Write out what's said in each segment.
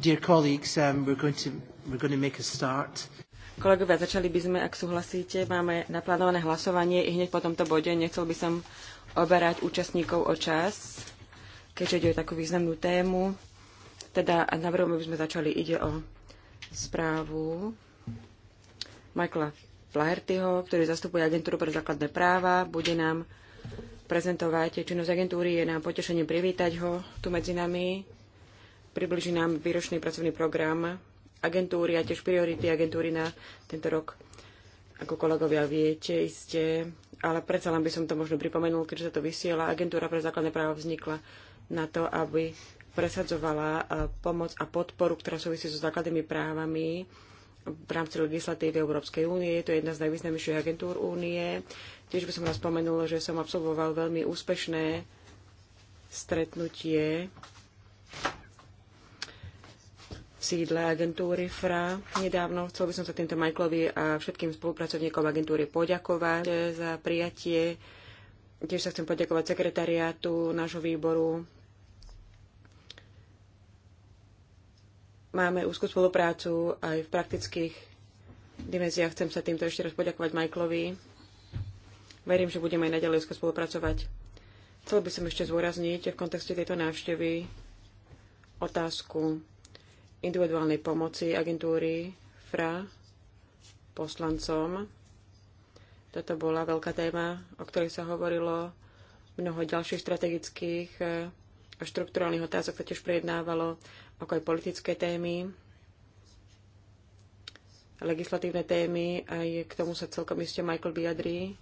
Dear colleagues, um, we're going to, we're going to make a start. Kolegovia, začali by sme, ak súhlasíte. Máme naplánované hlasovanie i hneď po tomto bode. Nechcel by som oberať účastníkov o čas, keďže ide o takú významnú tému. Teda navrhujem, aby sme začali. Ide o správu Michaela Flahertyho, ktorý zastupuje agentúru pre základné práva. Bude nám prezentovať činnosť agentúry. Je nám potešením privítať ho tu medzi nami približí nám výročný pracovný program agentúry a tiež priority agentúry na tento rok. Ako kolegovia viete, iste, ale predsa len by som to možno pripomenul, keďže sa to vysiela. Agentúra pre základné práva vznikla na to, aby presadzovala e, pomoc a podporu, ktorá súvisí so základnými právami v rámci legislatívy Európskej únie. Je to jedna z najvýznamnejších agentúr únie. Tiež by som raz spomenul, že som absolvoval veľmi úspešné stretnutie sídle agentúry FRA. Nedávno chcel by som sa týmto Michaelovi a všetkým spolupracovníkom agentúry poďakovať za prijatie. Tiež sa chcem poďakovať sekretariátu nášho výboru. Máme úzkú spoluprácu aj v praktických dimenziách. Chcem sa týmto ešte raz poďakovať Michaelovi. Verím, že budeme aj naďalej úzko spolupracovať. Chcel by som ešte zúrazniť v kontexte tejto návštevy otázku individuálnej pomoci agentúry FRA poslancom. Toto bola veľká téma, o ktorej sa hovorilo. Mnoho ďalších strategických e, a štruktúrálnych otázok sa tiež prejednávalo, ako aj politické témy, legislatívne témy. Aj k tomu sa celkom iste Michael vyjadrí.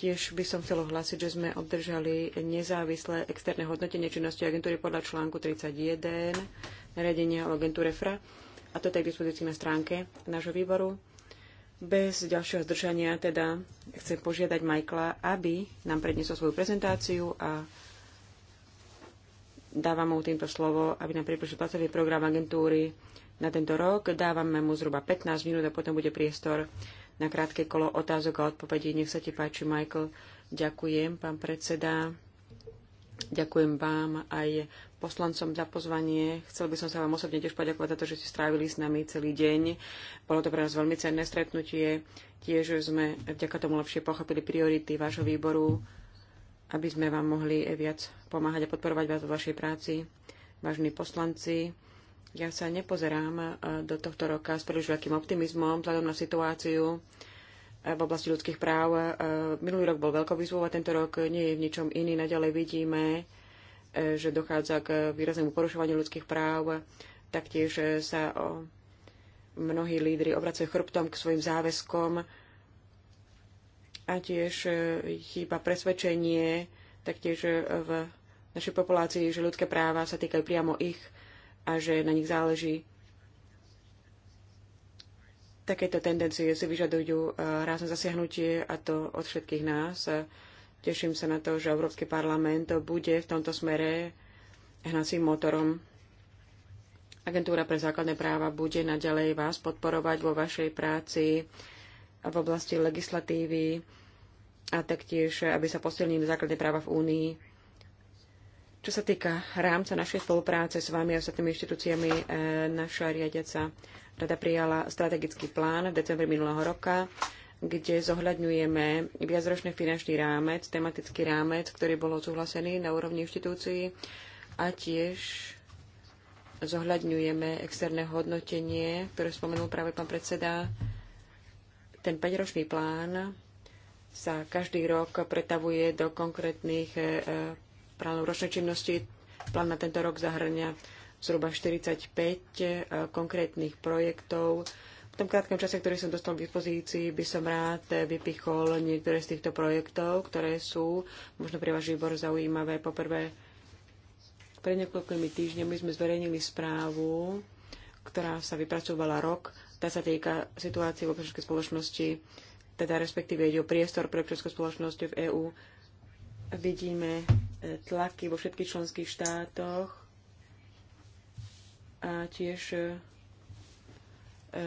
Tiež by som chcel hlásiť, že sme obdržali nezávislé externé hodnotenie činnosti agentúry podľa článku 31 nariadenia o agentúre FRA a to je k dispozícii na stránke nášho výboru. Bez ďalšieho zdržania teda chcem požiadať Michaela, aby nám predniesol svoju prezentáciu a dávam mu týmto slovo, aby nám približil pracovný program agentúry na tento rok. Dávame mu zhruba 15 minút a potom bude priestor na krátke kolo otázok a odpovedí. Nech sa ti páči, Michael. Ďakujem, pán predseda. Ďakujem vám aj poslancom za pozvanie. Chcel by som sa vám osobne tiež poďakovať za to, že ste strávili s nami celý deň. Bolo to pre nás veľmi cenné stretnutie. Tiež sme vďaka tomu lepšie pochopili priority vášho výboru, aby sme vám mohli viac pomáhať a podporovať vás vo vašej práci. Vážení poslanci, ja sa nepozerám e, do tohto roka s príliš veľkým optimizmom vzhľadom na situáciu, v oblasti ľudských práv. E, minulý rok bol veľkou výzvou a tento rok nie je v ničom iný. Naďalej vidíme, e, že dochádza k výraznému porušovaniu ľudských práv. Taktiež sa o mnohí lídry obracajú chrbtom k svojim záväzkom a tiež e, chýba presvedčenie taktiež v našej populácii, že ľudské práva sa týkajú priamo ich a že na nich záleží Takéto tendencie si vyžadujú eh, rázne zasiahnutie a to od všetkých nás. Teším sa na to, že Európsky parlament bude v tomto smere hnacím motorom. Agentúra pre základné práva bude naďalej vás podporovať vo vašej práci v oblasti legislatívy a taktiež, aby sa posilnili základné práva v Únii. Čo sa týka rámca našej spolupráce s vami a ostatnými inštitúciami, eh, naša riadiaca Rada prijala strategický plán v decembri minulého roka, kde zohľadňujeme viacročný finančný rámec, tematický rámec, ktorý bol odsúhlasený na úrovni inštitúcií a tiež zohľadňujeme externé hodnotenie, ktoré spomenul práve pán predseda. Ten 5-ročný plán sa každý rok pretavuje do konkrétnych eh, plánov ročnej činnosti. Plán na tento rok zahrňa zhruba 45 e, konkrétnych projektov. V tom krátkom čase, ktorý som dostal k dispozícii, by som rád vypichol niektoré z týchto projektov, ktoré sú možno pre váš výbor zaujímavé. Poprvé, pred niekoľkými týždňami sme zverejnili správu, ktorá sa vypracovala rok. Tá sa týka situácie v občianskej spoločnosti, teda respektíve ide o priestor pre občianskú spoločnosť v EÚ. Vidíme e, tlaky vo všetkých členských štátoch a tiež e, e,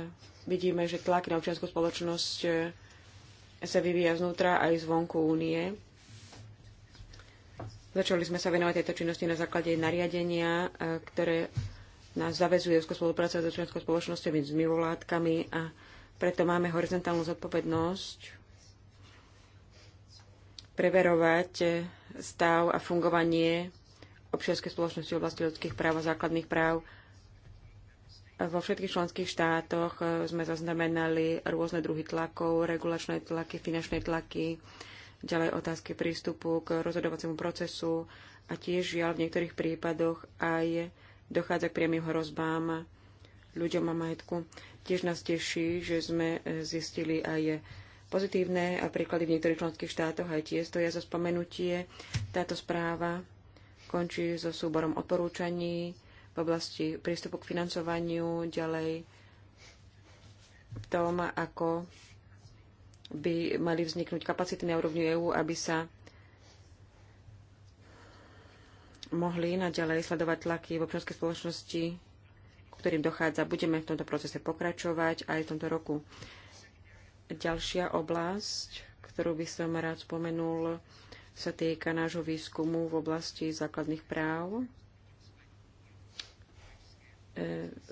vidíme, že tlak na občianskú spoločnosť e, sa vyvíja znútra aj zvonku únie. Začali sme sa venovať tejto činnosti na základe nariadenia, ktoré nás zavezuje v spolupráce s občianskou spoločnosťou, s mimovládkami a preto máme horizontálnu zodpovednosť preverovať stav a fungovanie občianskej spoločnosti v oblasti ľudských práv a základných práv vo všetkých členských štátoch e, sme zaznamenali rôzne druhy tlakov, regulačné tlaky, finančné tlaky, ďalej otázky prístupu k rozhodovaciemu procesu a tiež žiaľ v niektorých prípadoch aj dochádza k priamým hrozbám ľuďom a majetku. Tiež nás teší, že sme e, zistili aj pozitívne príklady v niektorých členských štátoch, aj tie je za spomenutie. Táto správa končí so súborom odporúčaní v oblasti prístupu k financovaniu, ďalej v tom, ako by mali vzniknúť kapacity na úrovni EÚ, aby sa mohli naďalej sledovať tlaky v občianskej spoločnosti, k ktorým dochádza. Budeme v tomto procese pokračovať aj v tomto roku. Ďalšia oblasť, ktorú by som rád spomenul, sa týka nášho výskumu v oblasti základných práv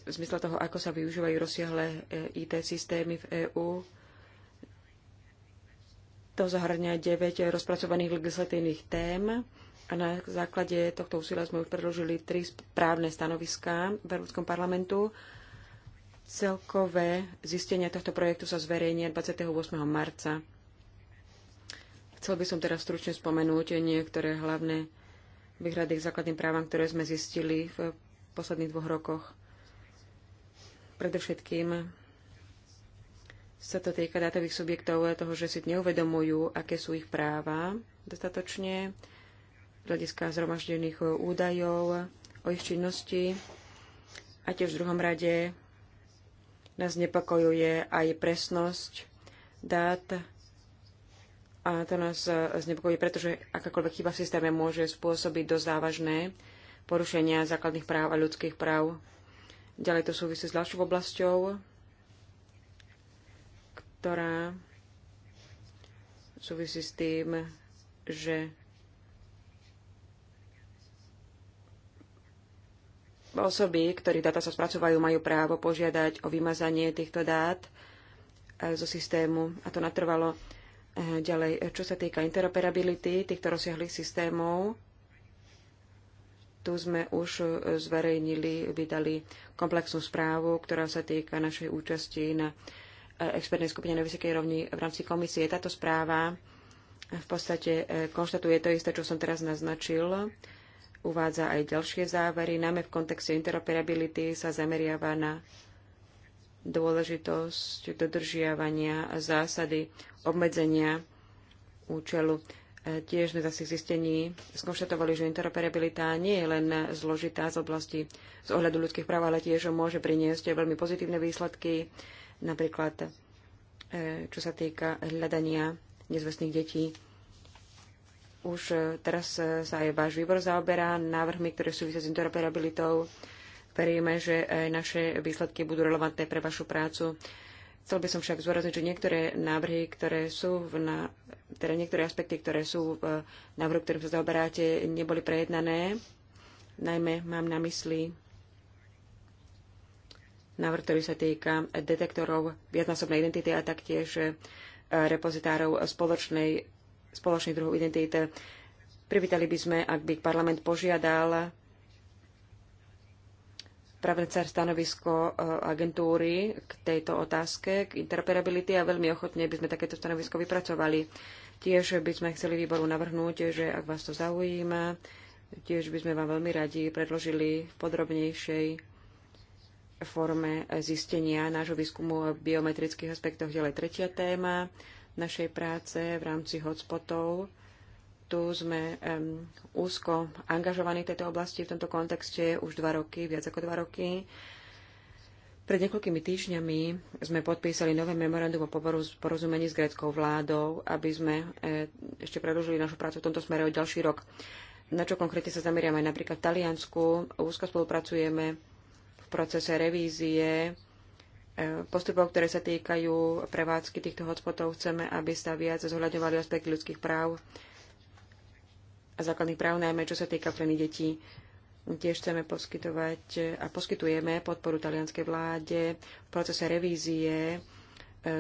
v zmysle toho, ako sa využívajú rozsiahle IT e, systémy v EÚ. To zahrňa 9 rozpracovaných legislatívnych tém a na základe tohto úsilia sme už predložili tri správne stanoviská v Európskom parlamentu. Celkové zistenia tohto projektu sa zverejnia 28. marca. Chcel by som teraz stručne spomenúť niektoré hlavné výhrady k základným právam, ktoré sme zistili v v posledných dvoch rokoch. Predovšetkým sa to týka dátových subjektov toho, že si neuvedomujú, aké sú ich práva dostatočne, z hľadiska zhromaždených údajov o ich činnosti a tiež v druhom rade nás nepokojuje aj presnosť dát a to nás znepokojuje, pretože akákoľvek chyba v systéme môže spôsobiť dosť závažné porušenia základných práv a ľudských práv. Ďalej to súvisí s ďalšou oblasťou, ktorá súvisí s tým, že osoby, ktorých dáta sa spracovajú, majú právo požiadať o vymazanie týchto dát e, zo systému a to natrvalo e, ďalej. E, čo sa týka interoperability týchto rozsiahlých systémov, tu sme už e, zverejnili, vydali komplexnú správu, ktorá sa týka našej účasti na e, expertnej skupine na vysokej rovni v rámci komisie. Táto správa v podstate e, konštatuje to isté, čo som teraz naznačil. Uvádza aj ďalšie závery, najmä v kontexte interoperability sa zameriava na dôležitosť dodržiavania zásady obmedzenia účelu Tiež sme zase zistení skonštatovali, že interoperabilita nie je len zložitá z oblasti z ohľadu ľudských práv, ale tiež môže priniesť veľmi pozitívne výsledky, napríklad e, čo sa týka hľadania nezvestných detí. Už e, teraz e, sa aj váš výbor zaoberá návrhmi, ktoré súvisia s interoperabilitou. Veríme, že naše výsledky budú relevantné pre vašu prácu. Chcel by som však zvorazniť, že niektoré návrhy, ktoré sú v na, teda niektoré aspekty, ktoré sú v eh, návrhu, ktorým sa zaoberáte, neboli prejednané. Najmä mám na mysli návrh, ktorý sa týka detektorov viacnásobnej identity a taktiež eh, repozitárov spoločnej, spoločných druhov identity. Privítali by sme, ak by parlament požiadal Pravnecár stanovisko e, agentúry k tejto otázke, k interoperability a veľmi ochotne by sme takéto stanovisko vypracovali. Tiež by sme chceli výboru navrhnúť, že ak vás to zaujíma, tiež by sme vám veľmi radi predložili v podrobnejšej forme zistenia nášho výskumu v biometrických aspektoch ďalej tretia téma našej práce v rámci hotspotov tu sme um, úzko angažovaní v tejto oblasti, v tomto kontexte už dva roky, viac ako dva roky. Pred niekoľkými týždňami sme podpísali nové memorandum o porozumení s gréckou vládou, aby sme e, ešte predlžili našu prácu v tomto smere o ďalší rok. Na čo konkrétne sa zameriame? Napríklad v Taliansku úzko spolupracujeme v procese revízie e, postupov, ktoré sa týkajú prevádzky týchto hotspotov. Chceme, aby sa viac zohľadňovali aspekty ľudských práv a základných práv, najmä čo sa týka ochrany detí. Tiež chceme poskytovať a poskytujeme podporu talianskej vláde v procese revízie e,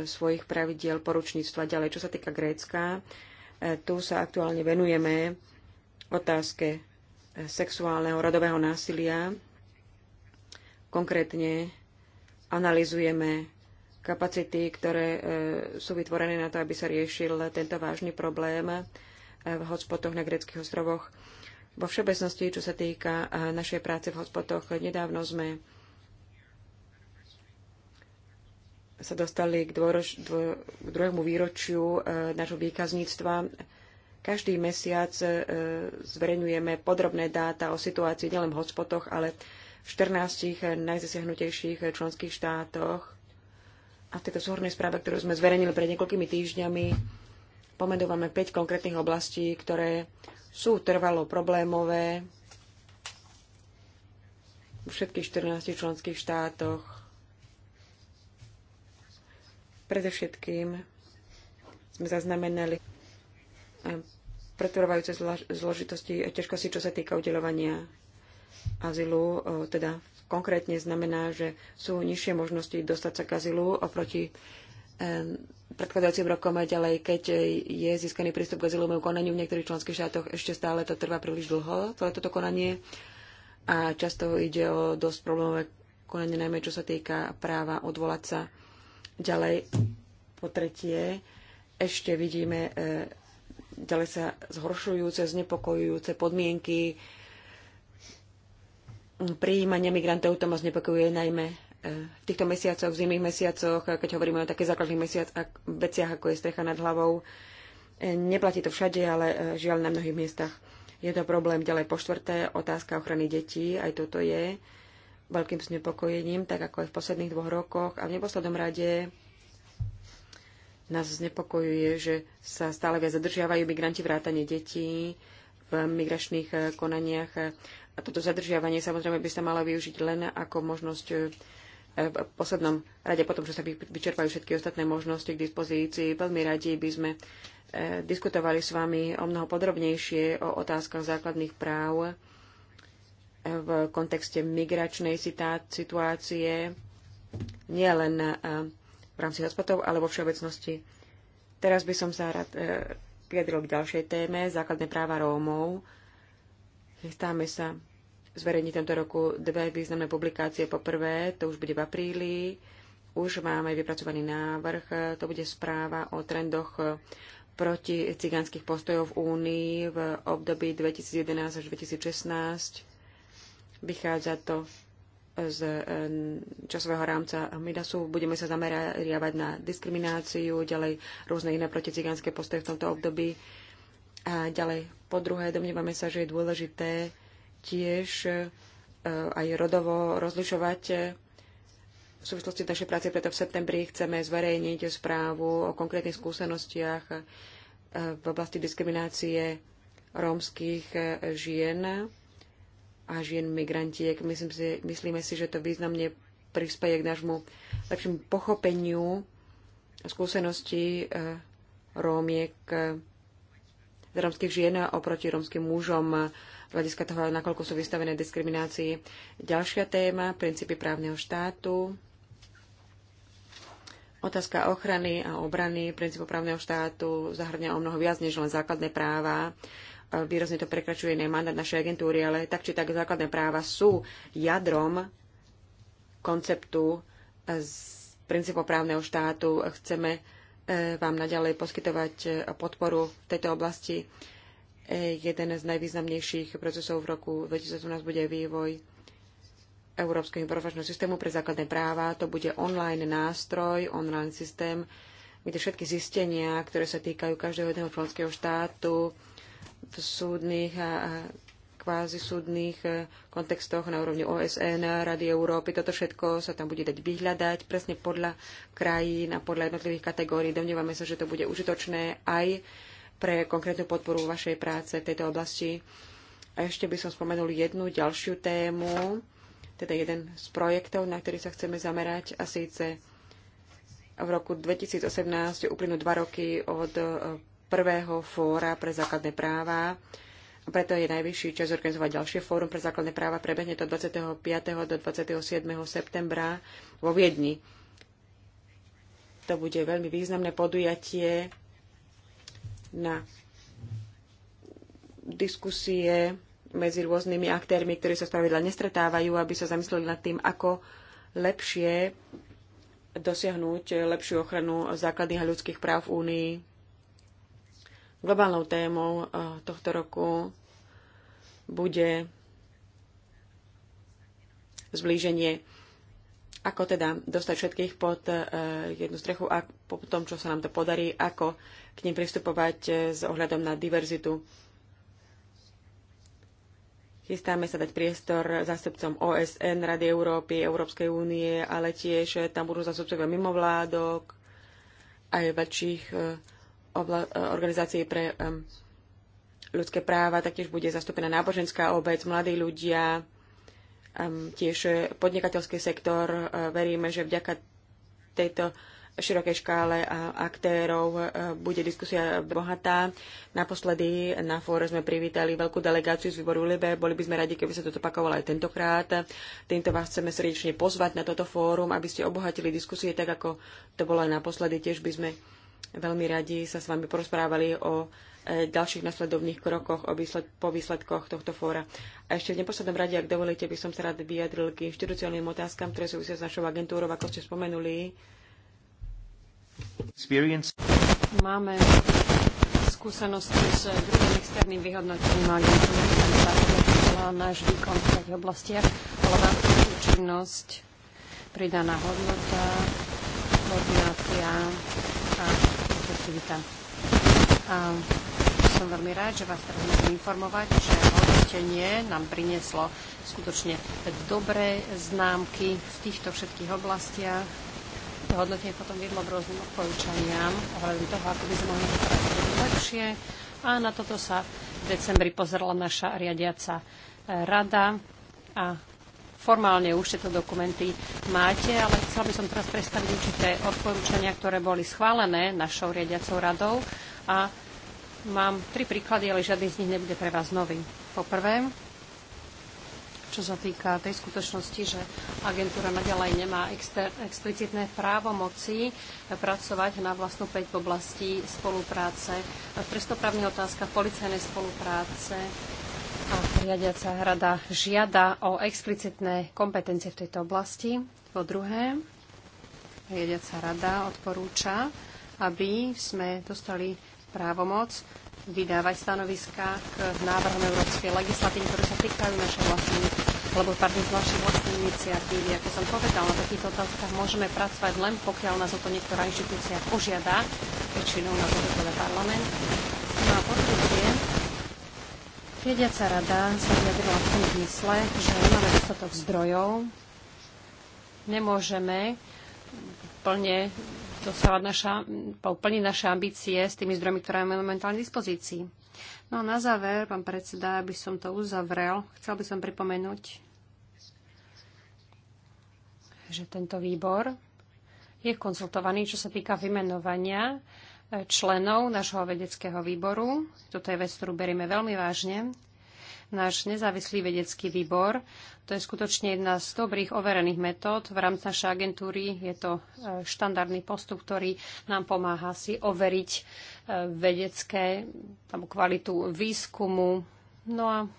svojich pravidiel poručníctva. Ďalej, čo sa týka Grécka, e, tu sa aktuálne venujeme otázke e, sexuálneho rodového násilia. Konkrétne analizujeme kapacity, ktoré sú vytvorené na to, aby sa riešil tento vážny problém v hotspotoch na greckých ostrovoch. Vo všeobecnosti, čo sa týka eh, našej práce v hotspotoch, nedávno sme sa dostali k, dôroč, dvo, k druhému výročiu e, nášho výkazníctva. Každý mesiac e, zverejňujeme podrobné dáta o situácii nielen v hotspotoch, ale v 14 najzasiahnutejších členských štátoch. A v tejto súhrnej správe, ktorú sme zverejnili pred niekoľkými týždňami, pomenúvame 5 konkrétnych oblastí, ktoré sú trvalo problémové v všetkých 14 členských štátoch. Predovšetkým sme zaznamenali eh, pretrvajúce zložitosti a eh, ťažkosti, čo sa týka udelovania azylu, eh, teda konkrétne znamená, že sú nižšie možnosti dostať sa k azylu oproti predkladajúcim rokom a ďalej, keď je získaný prístup k azylovému konaniu v niektorých členských štátoch, ešte stále to trvá príliš dlho, celé toto konanie. A často ide o dosť problémové konanie, najmä čo sa týka práva odvolať sa. Ďalej, po tretie, ešte vidíme e, ďalej sa zhoršujúce, znepokojujúce podmienky prijímania migrantov, to ma znepokojuje najmä v týchto mesiacoch, v zimných mesiacoch, keď hovoríme o takých základných mesiac, veciach, ako je strecha nad hlavou, e, neplatí to všade, ale e, žiaľ na mnohých miestach je to problém. Ďalej po štvrté, otázka ochrany detí, aj toto je veľkým znepokojením, tak ako aj v posledných dvoch rokoch. A v neposlednom rade nás znepokojuje, že sa stále viac zadržiavajú migranti vrátane detí v migračných e, konaniach. A toto zadržiavanie samozrejme by sa malo využiť len ako možnosť E, v poslednom rade, potom, čo sa vyčerpajú všetky ostatné možnosti k dispozícii, veľmi radi by sme e, diskutovali s vami o mnoho podrobnejšie o otázkach základných práv e, v kontexte migračnej situácie, nie len v rámci hospodov, ale vo všeobecnosti. Teraz by som sa rád vyjadril k ďalšej téme, základné práva Rómov. Chystáme sa zverejní tento roku dve významné publikácie. Poprvé, to už bude v apríli, už máme vypracovaný návrh, to bude správa o trendoch proti cigánskych postojov v Únii v období 2011 až 2016. Vychádza to z eh, časového rámca Midasu. Budeme sa zameriavať na diskrimináciu, ďalej rôzne iné proticigánske postoje v tomto období. A ďalej, po druhé, domnievame sa, že je dôležité tiež e, aj rodovo rozlišovať e, v súvislosti našej práce, preto v septembri chceme zverejniť správu o konkrétnych skúsenostiach e, v oblasti diskriminácie rómskych žien a žien migrantiek. Myslím si, myslíme si, že to významne prispieje k nášmu lepšiemu pochopeniu skúseností Rómiek rómskych žien oproti rómskym mužom z hľadiska toho, nakoľko sú vystavené diskriminácii. Ďalšia téma, princípy právneho štátu, otázka ochrany a obrany princípov právneho štátu zahrňa o mnoho viac než len základné práva. Výrazne to prekračuje nej mandát našej agentúry, ale tak či tak základné práva sú jadrom konceptu z princípov právneho štátu. Chceme vám naďalej poskytovať e, podporu v tejto oblasti. E, jeden z najvýznamnejších procesov v roku 2018 bude vývoj Európskeho informačného systému pre základné práva. To bude online nástroj, online systém, kde všetky zistenia, ktoré sa týkajú každého jedného členského štátu, v súdnych a kvázi eh, kontextoch na úrovni OSN, Rady Európy. Toto všetko sa tam bude dať vyhľadať presne podľa krajín a podľa jednotlivých kategórií. Domnievame sa, že to bude užitočné aj pre konkrétnu podporu vašej práce v tejto oblasti. A ešte by som spomenul jednu ďalšiu tému, teda jeden z projektov, na ktorý sa chceme zamerať a síce v roku 2018 uplynú dva roky od eh, prvého fóra pre základné práva preto je najvyšší čas organizovať ďalšie fórum pre základné práva. Prebehne to 25. do 27. septembra vo Viedni. To bude veľmi významné podujatie na diskusie medzi rôznymi aktérmi, ktorí sa spravidla nestretávajú, aby sa zamysleli nad tým, ako lepšie dosiahnuť lepšiu ochranu základných a ľudských práv v Únii. Globálnou témou eh, tohto roku bude zblíženie. Ako teda dostať všetkých pod e, jednu strechu a po tom, čo sa nám to podarí, ako k nim pristupovať e, s ohľadom na diverzitu. Chystáme sa dať priestor zástupcom OSN, Rady Európy, Európskej únie, ale tiež tam budú zástupcovia mimovládok, aj väčších e, organizácií pre ľudské práva, taktiež bude zastúpená náboženská obec, mladí ľudia, um, tiež podnikateľský sektor. Uh, veríme, že vďaka tejto širokej škále uh, aktérov uh, bude diskusia bohatá. Naposledy na fóre sme privítali veľkú delegáciu z výboru Libe. Boli by sme radi, keby sa to opakovalo aj tentokrát. Týmto vás chceme srdečne pozvať na toto fórum, aby ste obohatili diskusie tak, ako to bolo aj naposledy. Tiež by sme veľmi radi sa s vami porozprávali o e, ďalších nasledovných krokoch o výsled, po výsledkoch tohto fóra. A ešte v neposlednom rade, ak dovolíte, by som sa rád vyjadril k inštitucionálnym otázkam, ktoré súvisia s našou agentúrou, ako ste spomenuli. Experience. Máme skúsenosti s druhým externým vyhodnotením agentúry, ktorý zahrňa náš výkon v tých oblastiach, ale vám účinnosť, pridaná hodnota, koordinácia, aktivita. A som veľmi rád, že vás teraz môžem informovať, že hodnotenie nám prinieslo skutočne dobré známky v týchto všetkých oblastiach. To hodnotenie potom viedlo k rôznym odporúčaniam ohľadom toho, ako by sme mohli pracovať lepšie. A na toto sa v decembri pozerala naša riadiaca rada a formálne už tieto dokumenty máte, ale chcela by som teraz predstaviť určité odporúčania, ktoré boli schválené našou riadiacou radou a mám tri príklady, ale žiadny z nich nebude pre vás nový. Poprvé, čo sa týka tej skutočnosti, že agentúra naďalej nemá explicitné právo moci pracovať na vlastnú 5 v oblasti spolupráce, v trestnoprávnych otázkach, policajnej spolupráce, a riadiaca rada žiada o explicitné kompetencie v tejto oblasti. Po druhé, riadiaca rada odporúča, aby sme dostali právomoc vydávať stanoviská k návrhom európskej legislatívy, ktoré sa týkajú našej vlastnej, alebo pardon, našej vlastnej iniciatívy. Ako som povedal, na takýchto otázkach môžeme pracovať len pokiaľ nás o to niektorá inštitúcia požiada, väčšinou nás o to teda parlament. No a potom Riediaca rada sa vyjadrila v tom zmysle, že nemáme dostatok zdrojov, nemôžeme plne dosávať naša, plniť naše ambície s tými zdrojmi, ktoré máme momentálne v dispozícii. No a na záver, pán predseda, aby som to uzavrel, chcel by som pripomenúť, že tento výbor je konzultovaný, čo sa týka vymenovania členov nášho vedeckého výboru. Toto je vec, ktorú berieme veľmi vážne. Náš nezávislý vedecký výbor, to je skutočne jedna z dobrých overených metód. V rámci našej agentúry je to e, štandardný postup, ktorý nám pomáha si overiť e, vedecké tam, kvalitu výskumu. No a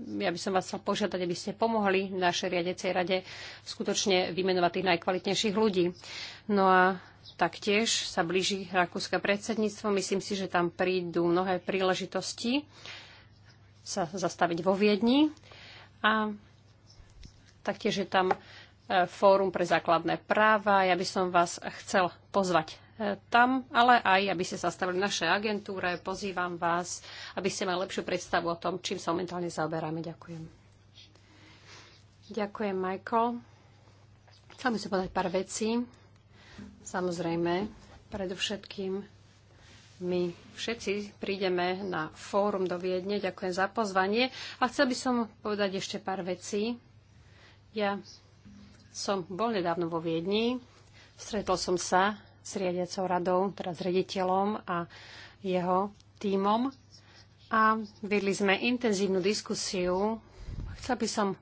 ja by som vás chcel požiadať, aby ste pomohli našej riadecej rade skutočne vymenovať tých najkvalitnejších ľudí. No a taktiež sa blíži Rakúske predsedníctvo. Myslím si, že tam prídu mnohé príležitosti sa zastaviť vo Viedni. A taktiež je tam e, Fórum pre základné práva. Ja by som vás chcel pozvať e, tam, ale aj, aby ste zastavili naše agentúre. Pozývam vás, aby ste mali lepšiu predstavu o tom, čím sa momentálne zaoberáme. Ďakujem. Ďakujem, Michael. Chcel by som povedať pár vecí Samozrejme, predovšetkým my všetci prídeme na fórum do Viedne. Ďakujem za pozvanie. A chcel by som povedať ešte pár vecí. Ja som bol nedávno vo Viedni. Stretol som sa s riadiacou radou, teda s rediteľom a jeho tímom. A vedli sme intenzívnu diskusiu. Chcel by som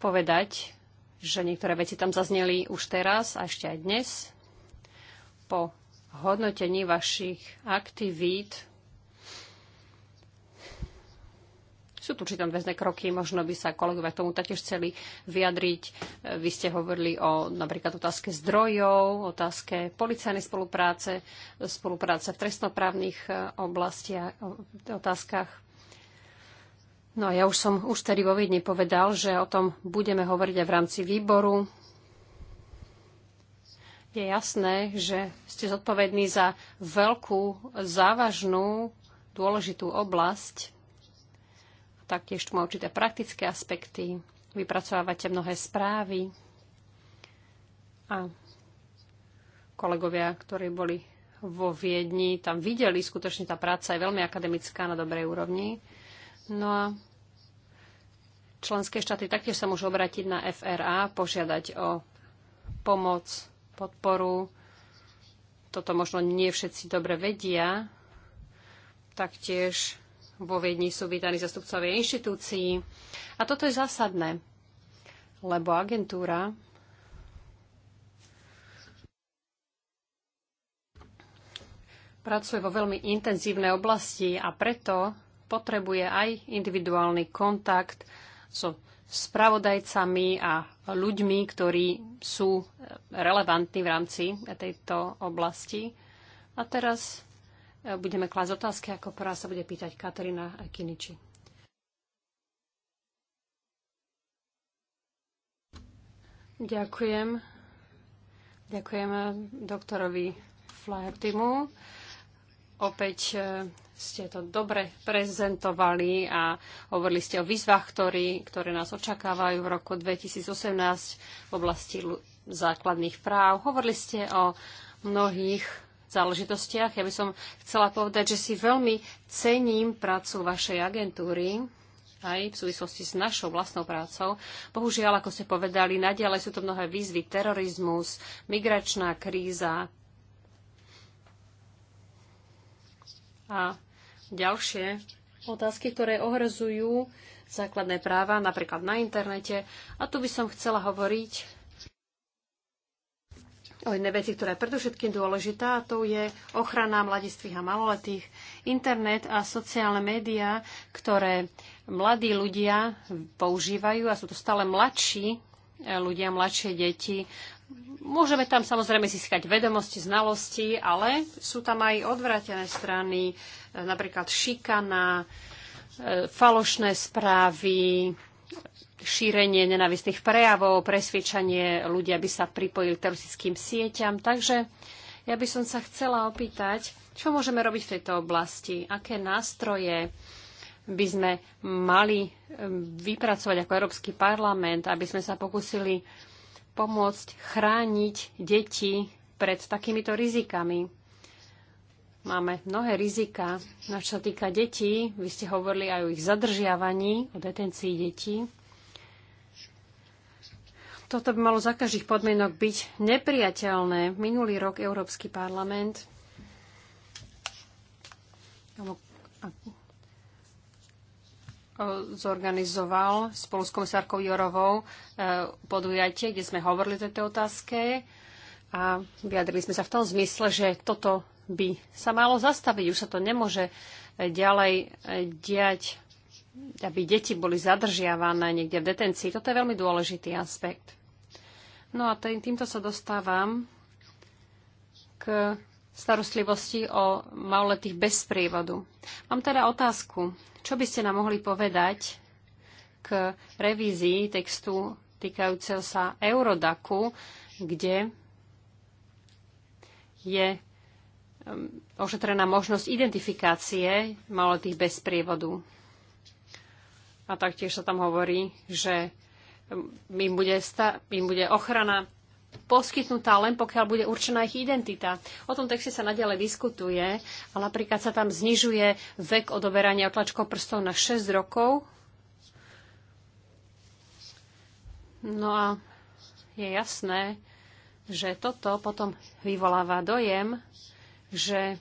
povedať, že niektoré veci tam zazneli už teraz a ešte aj dnes. Po hodnotení vašich aktivít sú tu určité väzné kroky, možno by sa kolegovia k tomu taktiež chceli vyjadriť. Vy ste hovorili o napríklad otázke zdrojov, otázke policajnej spolupráce, spolupráce v trestnoprávnych oblastiach, otázkach. No a ja už som už tedy vo Viedni povedal, že o tom budeme hovoriť aj v rámci výboru. Je jasné, že ste zodpovední za veľkú, závažnú, dôležitú oblasť. Taktiež tu má určité praktické aspekty. Vypracovávate mnohé správy. A kolegovia, ktorí boli vo Viedni, tam videli, skutočne tá práca je veľmi akademická na dobrej úrovni. No a členské štáty taktiež sa môžu obrátiť na FRA, požiadať o pomoc, podporu. Toto možno nie všetci dobre vedia. Taktiež vo Viedni sú vítaní zastupcovia inštitúcií. A toto je zásadné, lebo agentúra pracuje vo veľmi intenzívnej oblasti a preto potrebuje aj individuálny kontakt so spravodajcami a ľuďmi, ktorí sú relevantní v rámci tejto oblasti. A teraz e, budeme klásť otázky, ako prvá sa bude pýtať Katarína Kiniči. Ďakujem. Ďakujem e, doktorovi Flahertimu. Opäť e, ste to dobre prezentovali a hovorili ste o výzvach, ktorý, ktoré nás očakávajú v roku 2018 v oblasti základných práv. Hovorili ste o mnohých záležitostiach. Ja by som chcela povedať, že si veľmi cením prácu vašej agentúry aj v súvislosti s našou vlastnou prácou. Bohužiaľ, ako ste povedali, naďalej sú to mnohé výzvy, terorizmus, migračná kríza, a ďalšie otázky, ktoré ohrozujú základné práva, napríklad na internete. A tu by som chcela hovoriť o jednej veci, ktorá je predovšetkým dôležitá, a to je ochrana mladistvých a maloletých. Internet a sociálne médiá, ktoré mladí ľudia používajú a sú to stále mladší eh, ľudia, mladšie deti Môžeme tam samozrejme získať vedomosti, znalosti, ale sú tam aj odvratené strany, e, napríklad šikana, e, falošné správy, šírenie nenavistných prejavov, presviečanie ľudí, aby sa pripojili k teroristickým sieťam. Takže ja by som sa chcela opýtať, čo môžeme robiť v tejto oblasti? Aké nástroje by sme mali e, vypracovať ako Európsky parlament, aby sme sa pokúsili pomôcť chrániť deti pred takýmito rizikami. Máme mnohé rizika, na no čo týka detí. Vy ste hovorili aj o ich zadržiavaní, o detencii detí. Toto by malo za každých podmienok byť nepriateľné. Minulý rok Európsky parlament zorganizoval spolu s komisárkou Jorovou e, podujatie, kde sme hovorili o tejto otázke a vyjadrili sme sa v tom zmysle, že toto by sa malo zastaviť. Už sa to nemôže e, ďalej e, diať, aby deti boli zadržiavané niekde v detencii. Toto je veľmi dôležitý aspekt. No a tým, týmto sa dostávam k starostlivosti o maloletých bez sprievodu. Mám teda otázku, čo by ste nám mohli povedať k revízii textu týkajúceho sa Eurodaku, kde je um, ošetrená možnosť identifikácie maloletých bez sprievodu. A taktiež sa tam hovorí, že um, im bude, im bude ochrana poskytnutá len pokiaľ bude určená ich identita. O tom texte sa nadalej diskutuje a napríklad sa tam znižuje vek odoberania otlačkov prstov na 6 rokov. No a je jasné, že toto potom vyvoláva dojem, že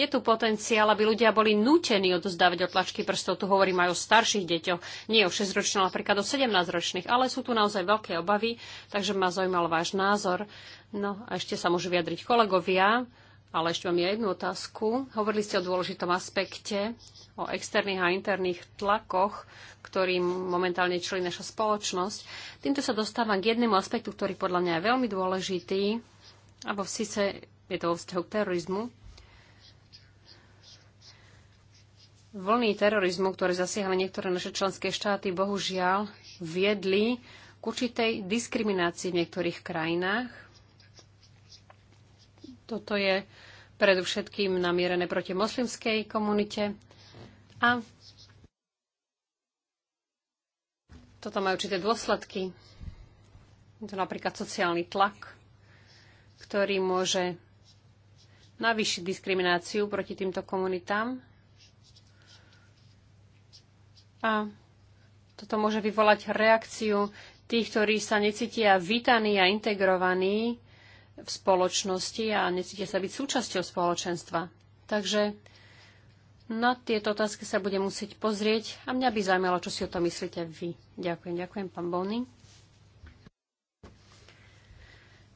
je tu potenciál, aby ľudia boli nútení odozdávať otlačky prstov. Tu hovorím aj o starších deťoch, nie o 6-ročných, napríklad o 17-ročných, ale sú tu naozaj veľké obavy, takže ma zaujímal váš názor. No a ešte sa môžu vyjadriť kolegovia, ale ešte mám ja jednu otázku. Hovorili ste o dôležitom aspekte, o externých a interných tlakoch, ktorým momentálne čili naša spoločnosť. Týmto sa dostávam k jednému aspektu, ktorý podľa mňa je veľmi dôležitý, alebo síce je to vo vzťahu k terorizmu. Vlny terorizmu, ktoré zasiahli niektoré naše členské štáty, bohužiaľ viedli k určitej diskriminácii v niektorých krajinách. Toto je predovšetkým namierené proti moslimskej komunite a toto má určité dôsledky. Je to napríklad sociálny tlak, ktorý môže navýšiť diskrimináciu proti týmto komunitám a toto môže vyvolať reakciu tých, ktorí sa necítia vítaní a integrovaní v spoločnosti a necítia sa byť súčasťou spoločenstva. Takže na tieto otázky sa bude musieť pozrieť a mňa by zaujímalo, čo si o to myslíte vy. Ďakujem, ďakujem, pán Bony.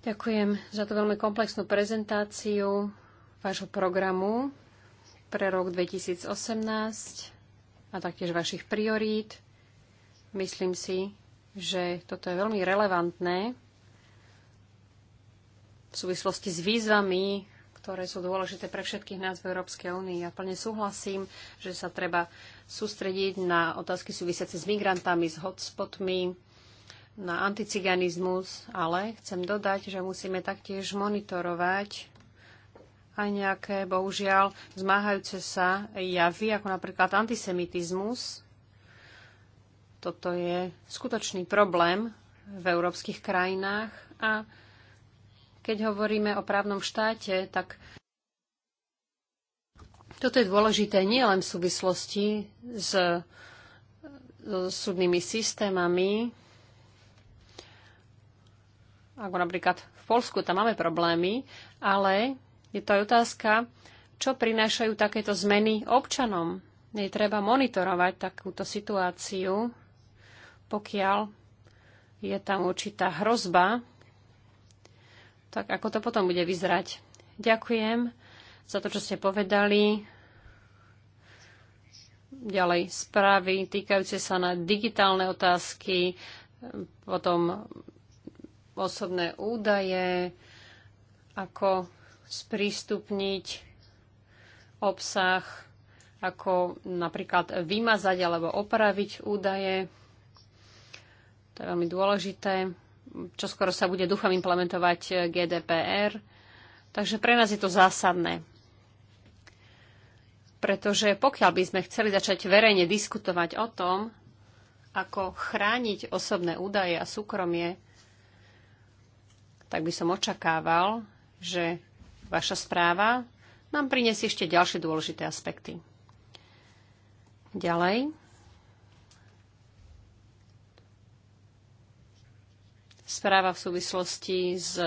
Ďakujem za tú veľmi komplexnú prezentáciu vášho programu pre rok 2018 a taktiež vašich priorít. Myslím si, že toto je veľmi relevantné v súvislosti s výzvami, ktoré sú dôležité pre všetkých nás v Európskej únii. Ja plne súhlasím, že sa treba sústrediť na otázky súvisiace s migrantami, s hotspotmi, na anticiganizmus, ale chcem dodať, že musíme taktiež monitorovať aj nejaké, bohužiaľ, zmáhajúce sa javy, ako napríklad antisemitizmus. Toto je skutočný problém v európskych krajinách a keď hovoríme o právnom štáte, tak toto je dôležité nielen v súvislosti s, s súdnymi systémami, ako napríklad v Polsku tam máme problémy, ale je to aj otázka, čo prinášajú takéto zmeny občanom. Je treba monitorovať takúto situáciu, pokiaľ je tam určitá hrozba, tak ako to potom bude vyzerať. Ďakujem za to, čo ste povedali. Ďalej správy týkajúce sa na digitálne otázky, potom osobné údaje, ako sprístupniť obsah, ako napríklad vymazať alebo opraviť údaje. To je veľmi dôležité. Čo skoro sa bude duchom implementovať GDPR. Takže pre nás je to zásadné. Pretože pokiaľ by sme chceli začať verejne diskutovať o tom, ako chrániť osobné údaje a súkromie, tak by som očakával, že vaša správa nám prinesie ešte ďalšie dôležité aspekty. Ďalej. Správa v súvislosti s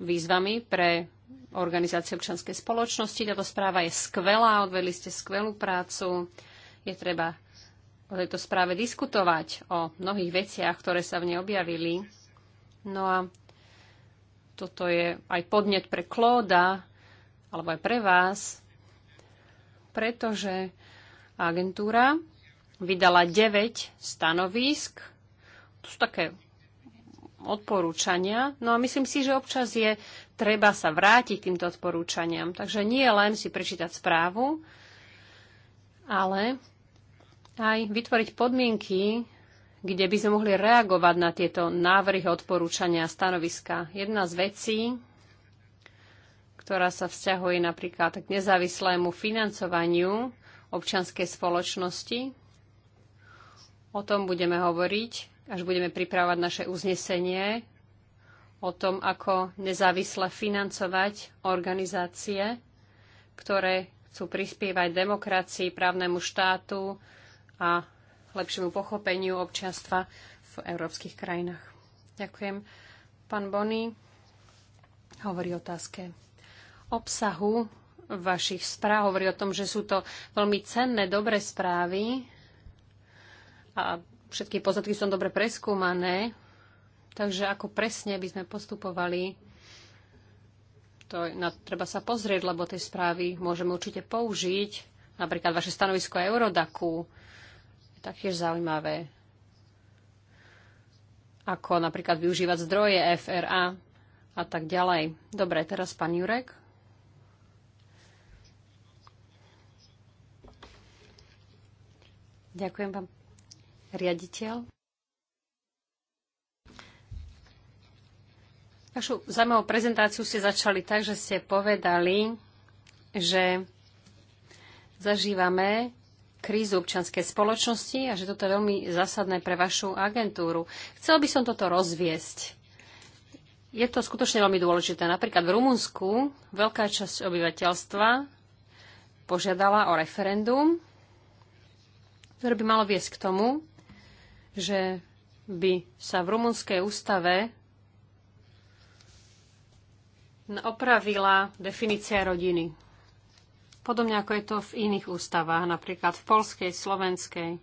výzvami pre organizácie občanskej spoločnosti. Táto správa je skvelá, odvedli ste skvelú prácu. Je treba o tejto správe diskutovať, o mnohých veciach, ktoré sa v nej objavili. No a toto je aj podnet pre Klóda, alebo aj pre vás, pretože agentúra vydala 9 stanovisk. To sú také odporúčania. No a myslím si, že občas je treba sa vrátiť týmto odporúčaniam. Takže nie len si prečítať správu, ale aj vytvoriť podmienky kde by sme mohli reagovať na tieto návrhy odporúčania a stanoviska. Jedna z vecí, ktorá sa vzťahuje napríklad k nezávislému financovaniu občianskej spoločnosti. O tom budeme hovoriť, až budeme pripravovať naše uznesenie o tom, ako nezávisle financovať organizácie, ktoré chcú prispievať demokracii, právnemu štátu a lepšiemu pochopeniu občianstva v európskych krajinách. Ďakujem. Pán Bony hovorí o otázke obsahu vašich správ. Hovorí o tom, že sú to veľmi cenné, dobré správy a všetky poznatky sú dobre preskúmané. Takže ako presne by sme postupovali, to na, treba sa pozrieť, lebo tie správy môžeme určite použiť. Napríklad vaše stanovisko Eurodaku taktiež zaujímavé, ako napríklad využívať zdroje FRA a tak ďalej. Dobre, teraz pán Jurek. Ďakujem vám, riaditeľ. Vašu zaujímavú prezentáciu ste začali tak, že ste povedali, že zažívame krízu občanskej spoločnosti a že toto je veľmi zásadné pre vašu agentúru. Chcel by som toto rozviesť. Je to skutočne veľmi dôležité. Napríklad v Rumunsku veľká časť obyvateľstva požiadala o referendum, ktoré by malo viesť k tomu, že by sa v rumunskej ústave opravila definícia rodiny podobne ako je to v iných ústavách, napríklad v polskej, slovenskej,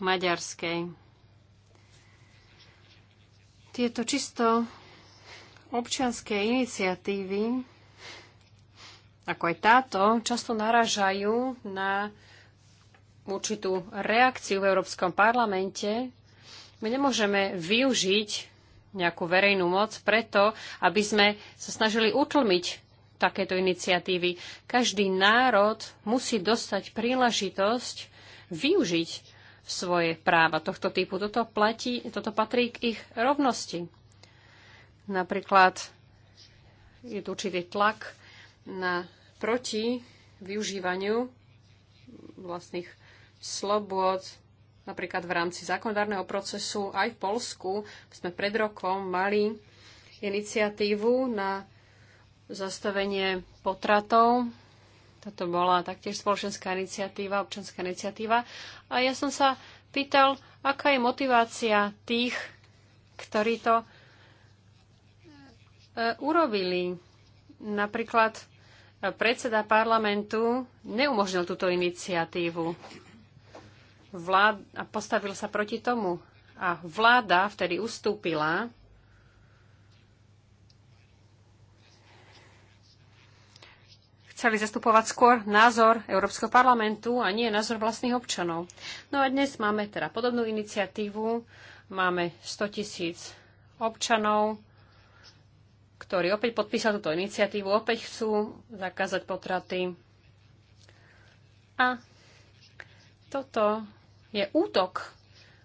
maďarskej. Tieto čisto občianské iniciatívy, ako aj táto, často naražajú na určitú reakciu v Európskom parlamente. My nemôžeme využiť nejakú verejnú moc preto, aby sme sa snažili utlmiť takéto iniciatívy. Každý národ musí dostať príležitosť využiť svoje práva tohto typu. Toto, platí, toto patrí k ich rovnosti. Napríklad je tu určitý tlak na proti využívaniu vlastných slobod, napríklad v rámci zákonodárneho procesu aj v Polsku sme pred rokom mali iniciatívu na zastavenie potratov. Toto bola taktiež spoločenská iniciatíva, občanská iniciatíva. A ja som sa pýtal, aká je motivácia tých, ktorí to e, urobili. Napríklad e, predseda parlamentu neumožnil túto iniciatívu vlád, a postavil sa proti tomu. A vláda vtedy ustúpila chceli zastupovať skôr názor Európskeho parlamentu a nie názor vlastných občanov. No a dnes máme teda podobnú iniciatívu. Máme 100 tisíc občanov, ktorí opäť podpísali túto iniciatívu, opäť chcú zakázať potraty. A toto je útok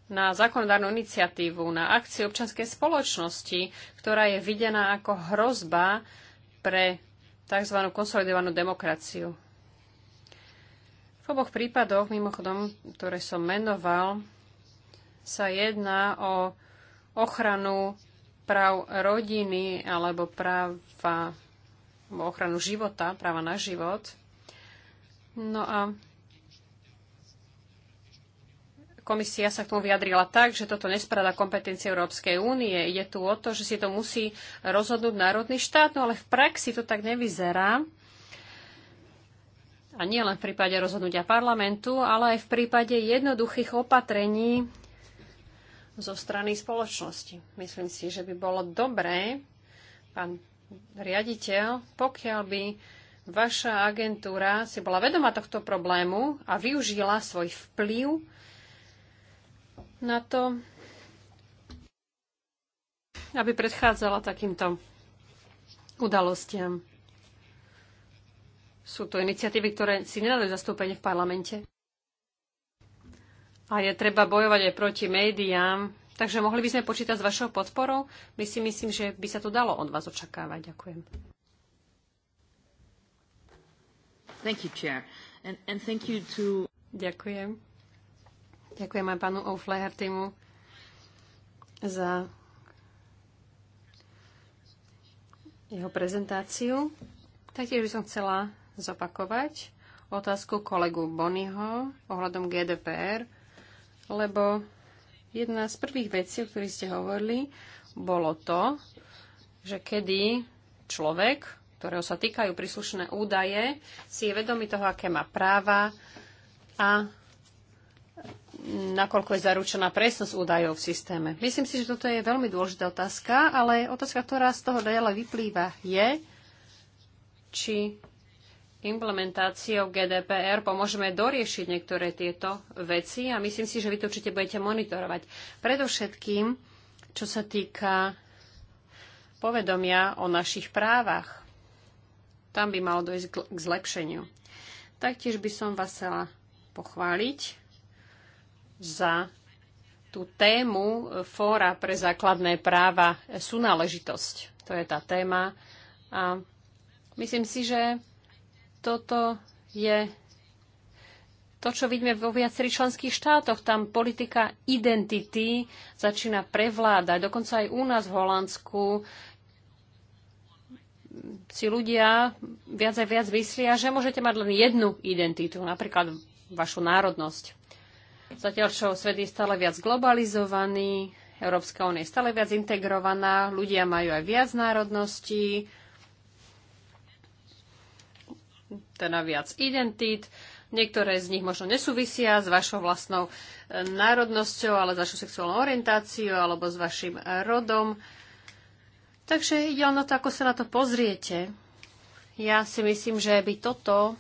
na zákonodárnu iniciatívu, na akciu občanskej spoločnosti, ktorá je videná ako hrozba pre tzv. konsolidovanú demokraciu. V oboch prípadoch, mimochodom, ktoré som menoval, sa jedná o ochranu práv rodiny alebo práva alebo ochranu života, práva na život. No a komisia sa k tomu vyjadrila tak, že toto nespráda kompetencie Európskej únie. Ide tu o to, že si to musí rozhodnúť národný štát, no ale v praxi to tak nevyzerá. A nie len v prípade rozhodnutia parlamentu, ale aj v prípade jednoduchých opatrení zo strany spoločnosti. Myslím si, že by bolo dobré, pán riaditeľ, pokiaľ by vaša agentúra si bola vedoma tohto problému a využila svoj vplyv na to, aby predchádzala takýmto udalostiam. Sú to iniciatívy, ktoré si nenadajú zastúpenie v parlamente. A je treba bojovať aj proti médiám. Takže mohli by sme počítať s vašou podporou. My si myslím, že by sa to dalo od vás očakávať. Ďakujem. Thank you, Chair. And, and thank you to... Ďakujem. Ďakujem aj pánu Oflehertimu za jeho prezentáciu. Taktiež by som chcela zopakovať otázku kolegu Bonyho ohľadom GDPR, lebo jedna z prvých vecí, o ktorých ste hovorili, bolo to, že kedy človek, ktorého sa týkajú príslušné údaje, si je vedomý toho, aké má práva a nakoľko je zaručená presnosť údajov v systéme. Myslím si, že toto je veľmi dôležitá otázka, ale otázka, ktorá z toho ďalej vyplýva, je, či implementáciou GDPR pomôžeme doriešiť niektoré tieto veci a myslím si, že vy to určite budete monitorovať. Predovšetkým, čo sa týka povedomia o našich právach, tam by malo dojsť k zlepšeniu. Taktiež by som vás chcela pochváliť za tú tému Fóra pre základné práva sú náležitosť. To je tá téma. A myslím si, že toto je to, čo vidíme vo viacerých členských štátoch. Tam politika identity začína prevládať. Dokonca aj u nás v Holandsku si ľudia viac a viac myslia, že môžete mať len jednu identitu, napríklad vašu národnosť. Zatiaľ, čo svet je stále viac globalizovaný, Európska únia je stále viac integrovaná, ľudia majú aj viac národností, teda viac identít. Niektoré z nich možno nesúvisia s vašou vlastnou e, národnosťou, ale s vašou sexuálnou orientáciou alebo s vašim e, rodom. Takže ide len na to, ako sa na to pozriete. Ja si myslím, že by toto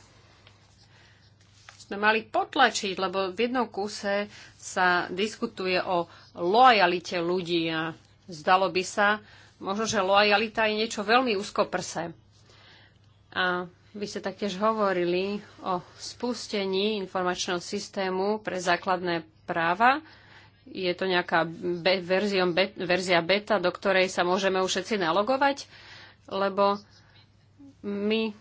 sme mali potlačiť, lebo v jednom kuse sa diskutuje o lojalite ľudí a zdalo by sa, možno, že lojalita je niečo veľmi úzkoprse. A vy ste taktiež hovorili o spustení informačného systému pre základné práva. Je to nejaká be- verzia, be- verzia beta, do ktorej sa môžeme už všetci nalogovať, lebo my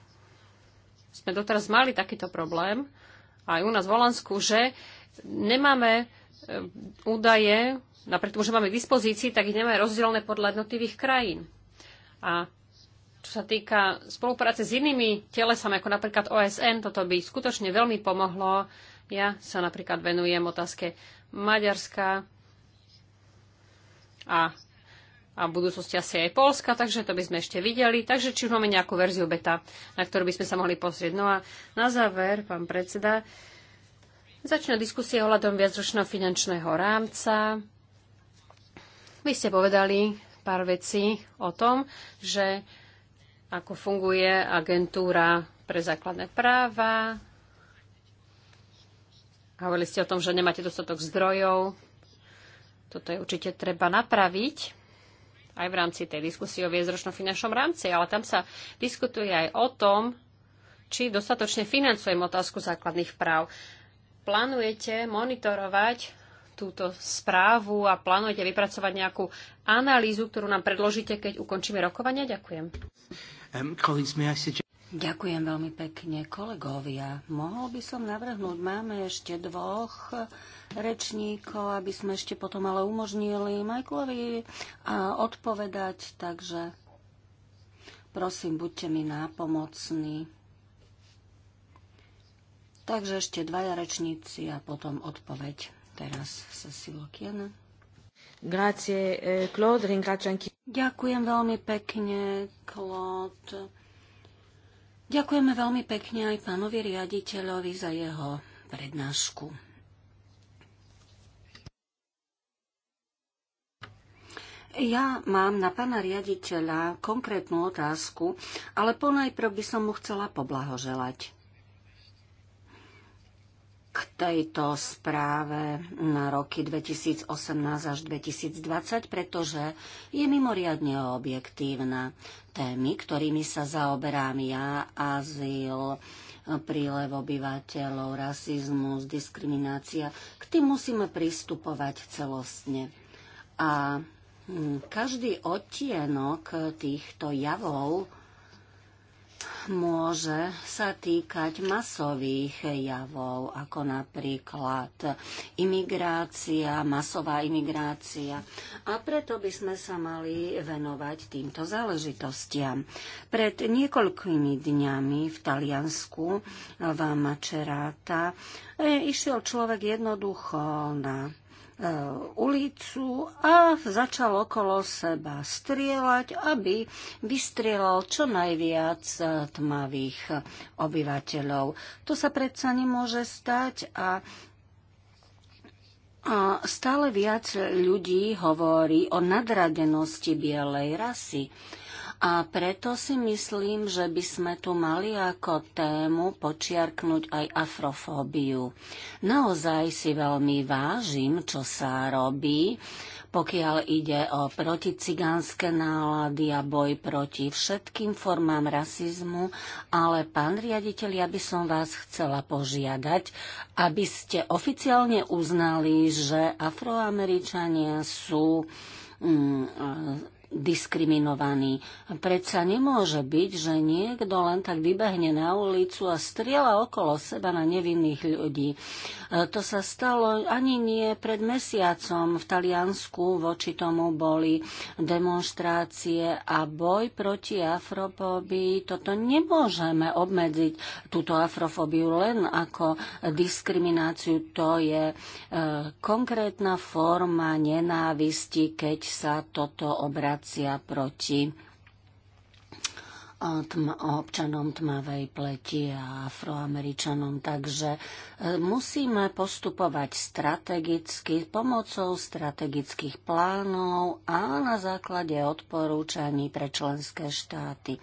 sme doteraz mali takýto problém aj u nás v Holandsku, že nemáme e, údaje, napriek tomu, že máme k dispozícii, tak ich nemáme rozdelené podľa jednotlivých krajín. A čo sa týka spolupráce s inými telesami, ako napríklad OSN, toto by skutočne veľmi pomohlo. Ja sa napríklad venujem otázke Maďarska a a v budúcnosti asi aj Polska, takže to by sme ešte videli. Takže či už máme nejakú verziu beta, na ktorú by sme sa mohli pozrieť. No a na záver, pán predseda, začína diskusia ohľadom viacročného finančného rámca. Vy ste povedali pár vecí o tom, že ako funguje agentúra pre základné práva. Hovorili ste o tom, že nemáte dostatok zdrojov. Toto je určite treba napraviť aj v rámci tej diskusie o viezročnom finančnom rámci, ale tam sa diskutuje aj o tom, či dostatočne financujem otázku základných práv. Plánujete monitorovať túto správu a plánujete vypracovať nejakú analýzu, ktorú nám predložíte, keď ukončíme rokovania? Ďakujem. Um, Ďakujem veľmi pekne kolegovia. Mohol by som navrhnúť, máme ešte dvoch rečníkov, aby sme ešte potom ale umožnili Michaelovi odpovedať, takže prosím, buďte mi nápomocní. Takže ešte dvaja rečníci a potom odpoveď. Teraz sa si Kiena. Grazie, eh, Claude, ringrazio anche... Ďakujem veľmi pekne, Claude. Ďakujeme veľmi pekne aj pánovi riaditeľovi za jeho prednášku. Ja mám na pána riaditeľa konkrétnu otázku, ale ponajprv by som mu chcela poblahoželať k tejto správe na roky 2018 až 2020, pretože je mimoriadne objektívna. Témy, ktorými sa zaoberám ja, azyl, prílev obyvateľov, rasizmus, diskriminácia, k tým musíme pristupovať celostne. A Hm, každý odtienok týchto javov môže sa týkať masových javov, ako napríklad imigrácia, masová imigrácia. A preto by sme sa mali venovať týmto záležitostiam. Pred niekoľkými dňami v Taliansku v Mačeráta e, išiel človek jednoducho na Eh, ulicu a začal okolo seba strieľať, aby vystrieľal čo najviac eh, tmavých obyvateľov. To sa predsa nemôže stať a a stále viac ľudí hovorí o nadradenosti bielej rasy. A preto si myslím, že by sme tu mali ako tému počiarknúť aj afrofóbiu. Naozaj si veľmi vážim, čo sa robí, pokiaľ ide o proticigánske nálady a boj proti všetkým formám rasizmu, ale pán riaditeľ, ja by som vás chcela požiadať, aby ste oficiálne uznali, že afroameričania sú mm, diskriminovaní. A predsa nemôže byť, že niekto len tak vybehne na ulicu a striela okolo seba na nevinných ľudí. E, to sa stalo ani nie pred mesiacom. V Taliansku voči tomu boli demonstrácie a boj proti afrofóbii. Toto nemôžeme obmedziť, túto afrofóbiu len ako diskrimináciu. To je e, konkrétna forma nenávisti, keď sa toto obracia demonstrácia proti eh, občanom tmavej pleti a afroameričanom. Takže eh, musíme postupovať strategicky pomocou strategických plánov a na základe odporúčaní pre členské štáty.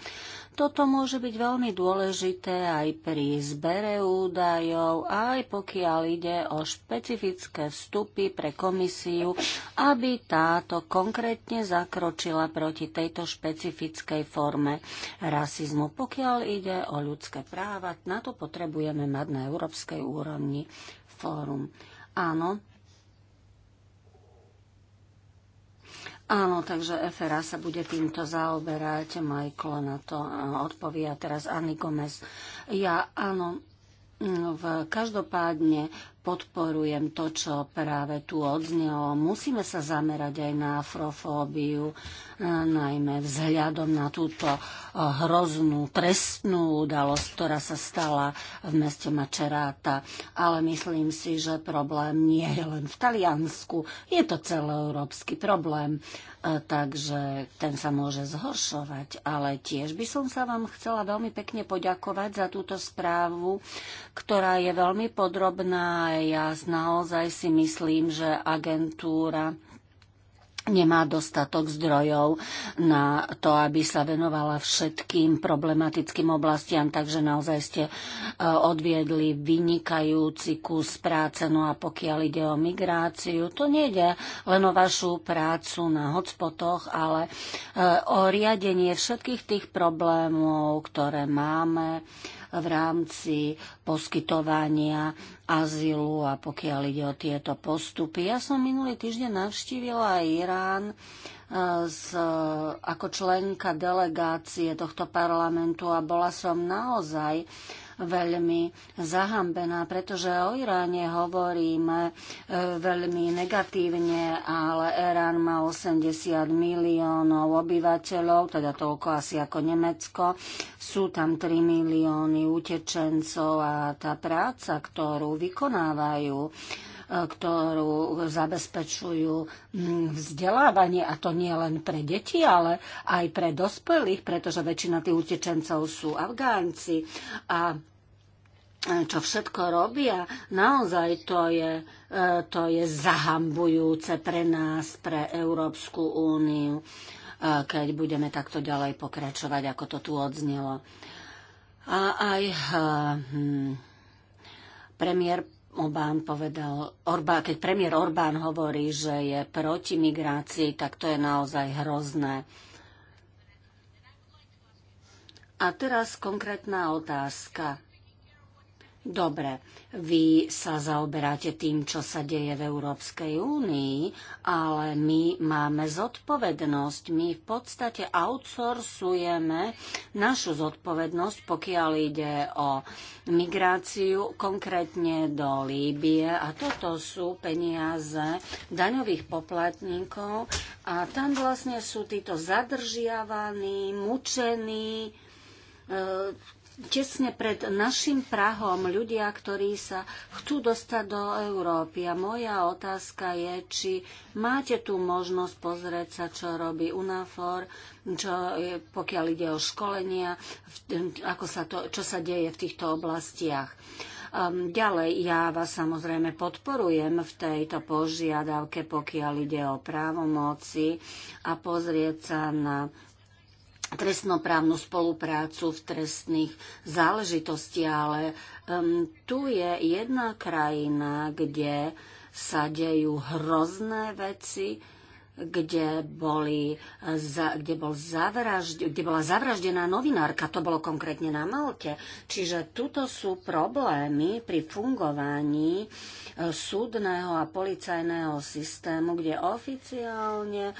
Toto môže byť veľmi dôležité aj pri zbere údajov, aj pokiaľ ide o špecifické vstupy pre komisiu, aby táto konkrétne zakročila proti tejto špecifickej forme rasizmu. Pokiaľ ide o ľudské práva, na to potrebujeme mať na európskej úrovni fórum. Áno, Áno, takže FRA sa bude týmto zaoberať. Michael na to e, odpovia teraz Anny Gomez. Ja áno, mm, v každopádne podporujem to, čo práve tu odznelo. Musíme sa zamerať aj na afrofóbiu, e, najmä vzhľadom na túto e, hroznú, trestnú udalosť, ktorá sa stala v meste Mačeráta. Ale myslím si, že problém nie je len v Taliansku, je to celoeurópsky problém. E, takže ten sa môže zhoršovať. Ale tiež by som sa vám chcela veľmi pekne poďakovať za túto správu, ktorá je veľmi podrobná. Ja naozaj si myslím, že agentúra nemá dostatok zdrojov na to, aby sa venovala všetkým problematickým oblastiam, takže naozaj ste e, odviedli vynikajúci kus práce. No a pokiaľ ide o migráciu, to nejde len o vašu prácu na hotspotoch, ale e, o riadenie všetkých tých problémov, ktoré máme v rámci poskytovania azylu a pokiaľ ide o tieto postupy. Ja som minulý týždeň navštívila Irán z, e, ako členka delegácie tohto parlamentu a bola som naozaj uh, veľmi zahambená, pretože o Iráne hovoríme e, veľmi negatívne, ale Irán má 80 miliónov obyvateľov, teda toľko asi ako Nemecko. Sú tam 3 milióny utečencov a tá práca, ktorú vykonávajú, ktorú zabezpečujú mm, vzdelávanie a to nie len pre deti, ale aj pre dospelých, pretože väčšina tých utečencov sú Afgánci a e, čo všetko robia, naozaj to je, e, to je zahambujúce pre nás, pre Európsku úniu, e, keď budeme takto ďalej pokračovať, ako to tu odznelo. A aj hm, premiér Orbán povedal, Orbán, keď premiér Orbán hovorí, že je proti migrácii, tak to je naozaj hrozné. A teraz konkrétna otázka. Dobre, vy sa zaoberáte tým, čo sa deje v Európskej únii, ale my máme zodpovednosť. My v podstate outsourcujeme našu zodpovednosť, pokiaľ ide o migráciu, konkrétne do Líbie. A toto sú peniaze daňových poplatníkov a tam vlastne sú títo zadržiavaní, mučení, e, tesne pred našim prahom ľudia, ktorí sa chcú dostať do Európy. A moja otázka je, či máte tu možnosť pozrieť sa, čo robí UNAFOR, čo je, pokiaľ ide o školenia, ako sa to, čo sa deje v týchto oblastiach. Um, ďalej, ja vás samozrejme podporujem v tejto požiadavke, pokiaľ ide o právomoci a pozrieť sa na trestnoprávnu spoluprácu v trestných záležitostiach, ale um, tu je jedna krajina, kde sa dejú hrozné veci, kde, boli, za, kde, bol zavražd, kde bola zavraždená novinárka, to bolo konkrétne na Malte. Čiže tuto sú problémy pri fungovaní e, súdneho a policajného systému, kde oficiálne e,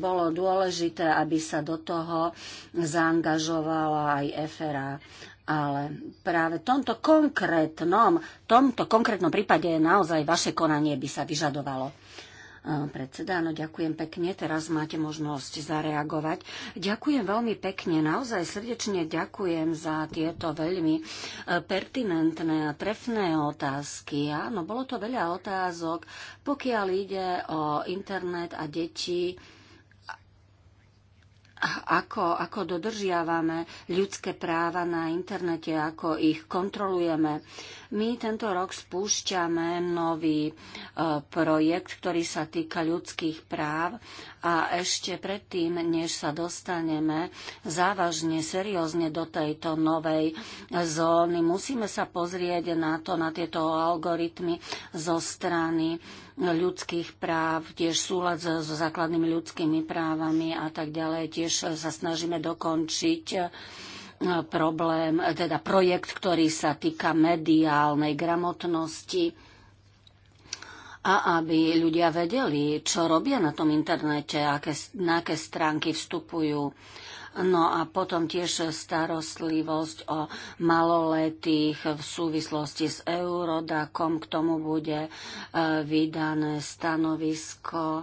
bolo dôležité, aby sa do toho zaangažovala aj FRA. Ale práve v tomto konkrétnom, tomto konkrétnom prípade naozaj vaše konanie by sa vyžadovalo. Predseda, áno, ďakujem pekne. Teraz máte možnosť zareagovať. Ďakujem veľmi pekne, naozaj srdečne ďakujem za tieto veľmi e, pertinentné a trefné otázky. Áno, bolo to veľa otázok, pokiaľ ide o internet a deti ako, ako dodržiavame ľudské práva na internete, ako ich kontrolujeme. My tento rok spúšťame nový e, projekt, ktorý sa týka ľudských práv a ešte predtým, než sa dostaneme závažne, seriózne do tejto novej e, zóny, musíme sa pozrieť na to, na tieto algoritmy zo strany ľudských práv, tiež súlad so základnými ľudskými právami a tak ďalej. Tiež sa snažíme dokončiť E, problém, e, teda projekt, ktorý sa týka mediálnej gramotnosti a aby ľudia vedeli, čo robia na tom internete, aké, na aké stránky vstupujú. No a potom tiež starostlivosť o maloletých v súvislosti s Eurodakom. K tomu bude e, vydané stanovisko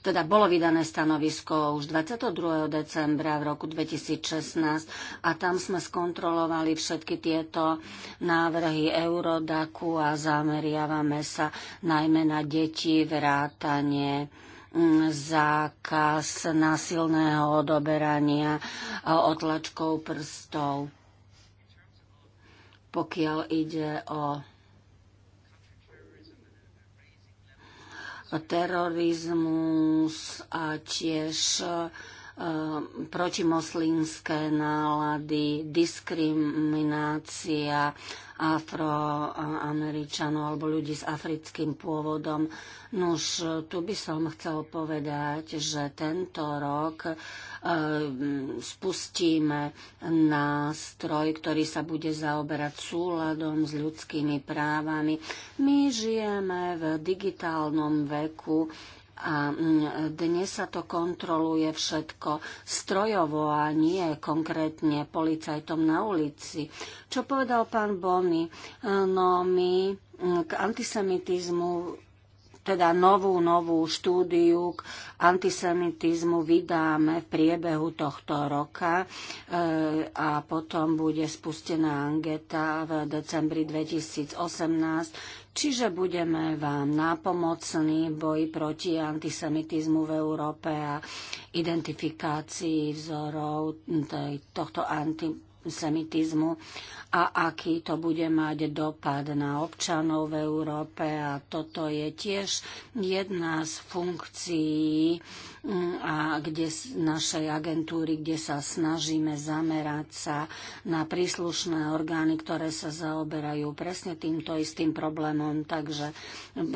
teda bolo vydané stanovisko už 22. decembra v roku 2016 a tam sme skontrolovali všetky tieto návrhy Eurodaku a zameriavame sa najmä na deti, vrátanie mm, zákaz násilného odoberania otlačkov prstov. Pokiaľ ide o terorizmus a tiež eh, protimoslimské nálady, diskriminácia afroameričanov alebo ľudí s africkým pôvodom. Nuž, tu by som chcel povedať, že tento rok Ehm, spustíme nástroj, ktorý sa bude zaoberať súladom s ľudskými právami. My žijeme v digitálnom veku, a mm, dnes sa to kontroluje všetko strojovo a nie konkrétne policajtom na ulici. Čo povedal pán Bony? Ehm, no my mm, k antisemitizmu teda novú, novú štúdiu k antisemitizmu vydáme v priebehu tohto roka e, a potom bude spustená angeta v decembri 2018, čiže budeme vám nápomocní v boji proti antisemitizmu v Európe a identifikácii vzorov tohto antisemitizmu antisemitizmu a aký to bude mať dopad na občanov v Európe. A toto je tiež jedna z funkcií Mm, a kde našej agentúry, kde sa snažíme zamerať sa na príslušné orgány, ktoré sa zaoberajú presne týmto istým problémom, takže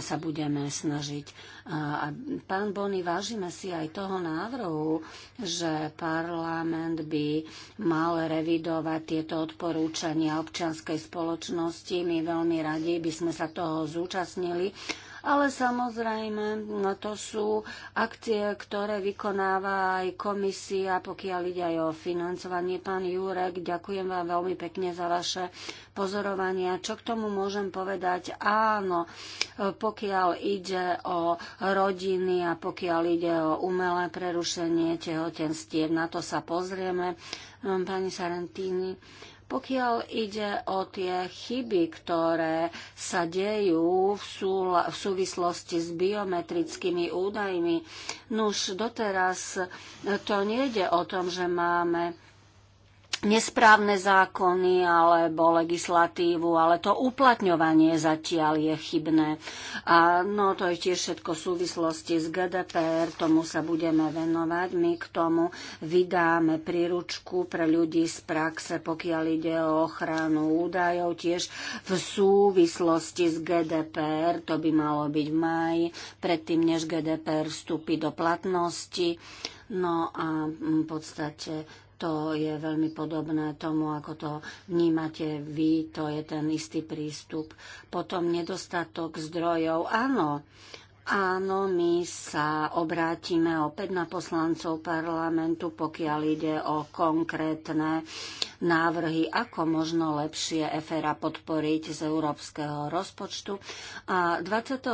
sa budeme snažiť. A pán Bony, vážime si aj toho návrhu, že parlament by mal revidovať tieto odporúčania občianskej spoločnosti. My veľmi radi by sme sa toho zúčastnili ale samozrejme no to sú akcie, ktoré vykonáva aj komisia, pokiaľ ide aj o financovanie. Pán Jurek, ďakujem vám veľmi pekne za vaše pozorovania. Čo k tomu môžem povedať? Áno, pokiaľ ide o rodiny a pokiaľ ide o umelé prerušenie tehotenstiev, na to sa pozrieme. Hm, pani Sarentini, pokiaľ ide o tie chyby, ktoré sa dejú v, sú, v súvislosti s biometrickými údajmi, nuž doteraz to nejde o tom, že máme nesprávne zákony alebo legislatívu, ale to uplatňovanie zatiaľ je chybné. A no to je tiež všetko v súvislosti s GDPR, tomu sa budeme venovať. My k tomu vydáme príručku pre ľudí z praxe, pokiaľ ide o ochranu údajov, tiež v súvislosti s GDPR, to by malo byť v maji predtým než GDPR vstúpi do platnosti. No a v podstate to je veľmi podobné tomu, ako to vnímate vy, to je ten istý prístup. Potom nedostatok zdrojov. Áno, Áno, my sa obrátime opäť na poslancov parlamentu, pokiaľ ide o konkrétne návrhy, ako možno lepšie EFERA podporiť z európskeho rozpočtu. A 28.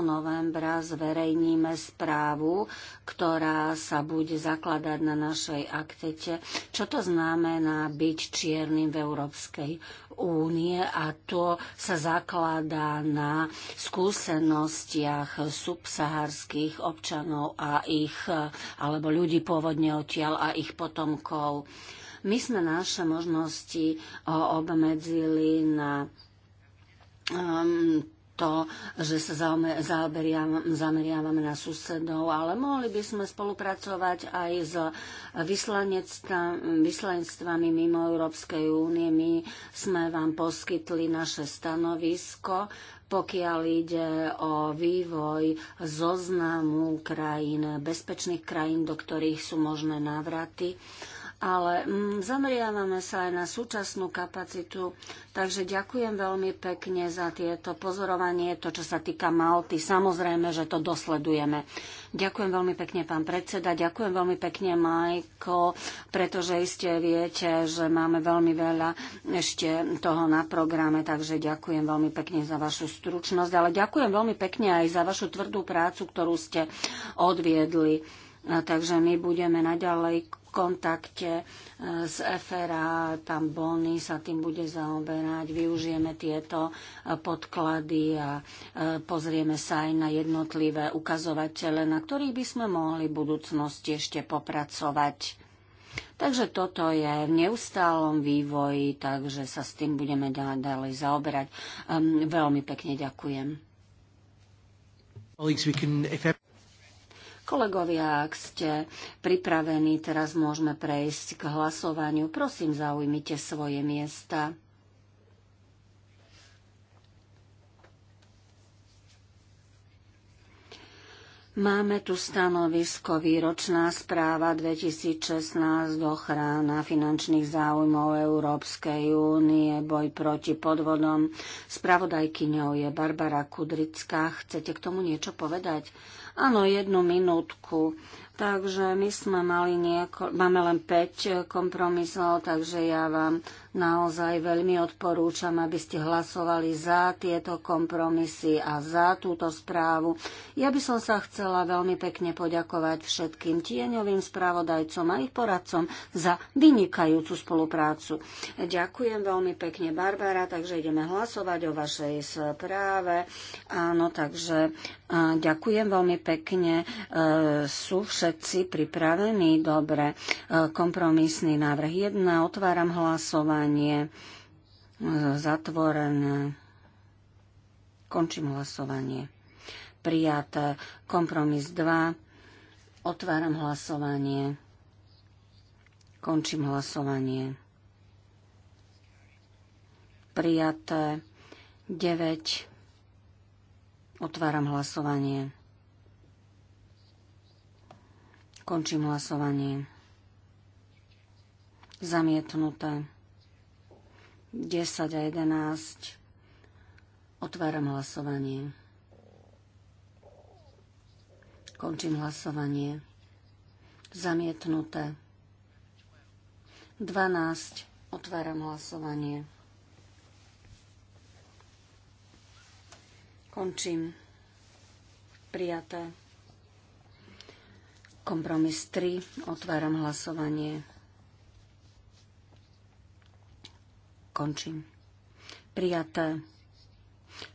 novembra zverejníme správu, ktorá sa bude zakladať na našej aktete. Čo to znamená byť čiernym v Európskej únie a to sa zakladá na skúsenostiach subsaharských občanov a ich, alebo ľudí pôvodne odtiaľ a ich potomkov. My sme naše možnosti eh, obmedzili na um, to, že sa zameriavame na susedov, ale mohli by sme spolupracovať aj s vyslanectvami mimo Európskej únie. My sme vám poskytli naše stanovisko, pokiaľ ide o vývoj zoznamu krajín, bezpečných krajín, do ktorých sú možné návraty ale mm, zameriavame sa aj na súčasnú kapacitu. Takže ďakujem veľmi pekne za tieto pozorovanie, to, čo sa týka Malty. Samozrejme, že to dosledujeme. Ďakujem veľmi pekne, pán predseda, ďakujem veľmi pekne, Majko, pretože iste viete, že máme veľmi veľa ešte toho na programe, takže ďakujem veľmi pekne za vašu stručnosť, ale ďakujem veľmi pekne aj za vašu tvrdú prácu, ktorú ste odviedli. A takže my budeme naďalej kontakte s e, FRA, tam Bolny sa tým bude zaoberať, využijeme tieto e, podklady a e, pozrieme sa aj na jednotlivé ukazovatele, na ktorých by sme mohli v budúcnosti ešte popracovať. Takže toto je v neustálom vývoji, takže sa s tým budeme ďalej zaoberať. Ehm, veľmi pekne ďakujem. Kolegovia, ak ste pripravení, teraz môžeme prejsť k hlasovaniu. Prosím, zaujmite svoje miesta. Máme tu stanovisko výročná správa 2016 ochrana finančných záujmov Európskej únie, boj proti podvodom. Spravodajkyňou je Barbara Kudrická. Chcete k tomu niečo povedať? Áno, jednu minútku. Takže my sme mali nieko, máme len 5 kompromisov, takže ja vám Naozaj veľmi odporúčam, aby ste hlasovali za tieto kompromisy a za túto správu. Ja by som sa chcela veľmi pekne poďakovať všetkým tieňovým spravodajcom a ich poradcom za vynikajúcu spoluprácu. Ďakujem veľmi pekne, Barbara, takže ideme hlasovať o vašej správe. Áno, takže ďakujem veľmi pekne. E, sú všetci pripravení? Dobre. E, kompromisný návrh 1. Otváram hlasovanie hlasovanie zatvorené. Končím hlasovanie. Prijaté. Kompromis 2. Otváram hlasovanie. Končím hlasovanie. Prijaté. 9. Otváram hlasovanie. Končím hlasovanie. Zamietnuté. 10 a 11. Otváram hlasovanie. Končím hlasovanie. Zamietnuté. 12. Otváram hlasovanie. Končím. Prijaté. Kompromis 3. Otváram hlasovanie. Končím. Prijaté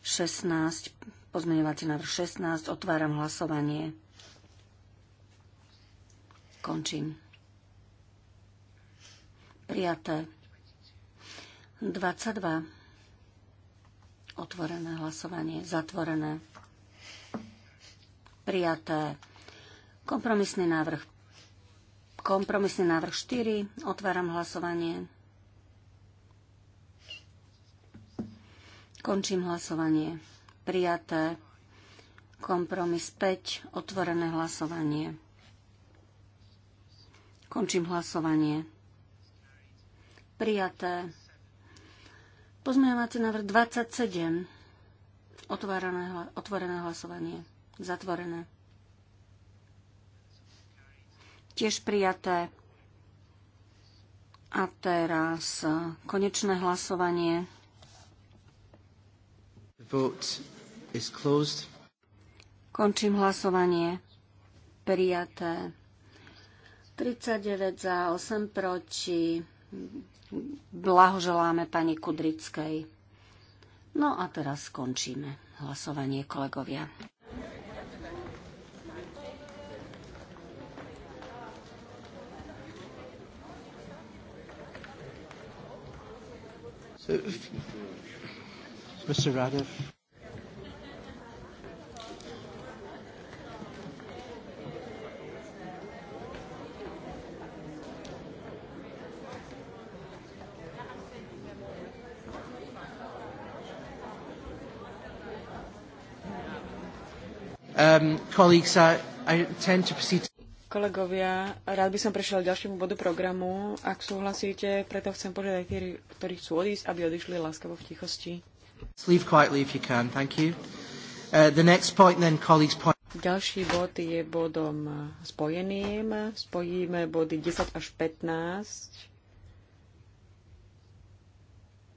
16, pozmeňovací návrh 16, otváram hlasovanie. Končím. Prijaté 22, otvorené hlasovanie, zatvorené. Prijaté kompromisný návrh kompromisný návrh 4, otváram hlasovanie. Končím hlasovanie. Prijaté. Kompromis 5. Otvorené hlasovanie. Končím hlasovanie. Prijaté. Pozmeňovací návrh 27. Otvorené, otvorené hlasovanie. Zatvorené. Tiež prijaté. A teraz konečné hlasovanie. Vote is closed. Končím hlasovanie. Prijaté. 39 za, 8 proti. Blahoželáme pani Kudrickej. No a teraz skončíme hlasovanie, kolegovia. So, Mr. Radev. Um, colleagues, I, I tend to proceed to kolegovia, rád by som prešiel ďalšiemu bodu programu. Ak súhlasíte, preto chcem požiadať tých, ktorí chcú odísť, aby odišli láskavo v tichosti. Leave quietly if you can, thank you. Uh, the next point then, colleagues point. Ďalší bod je bodom uh, spojeným. Spojíme body 10 až 15.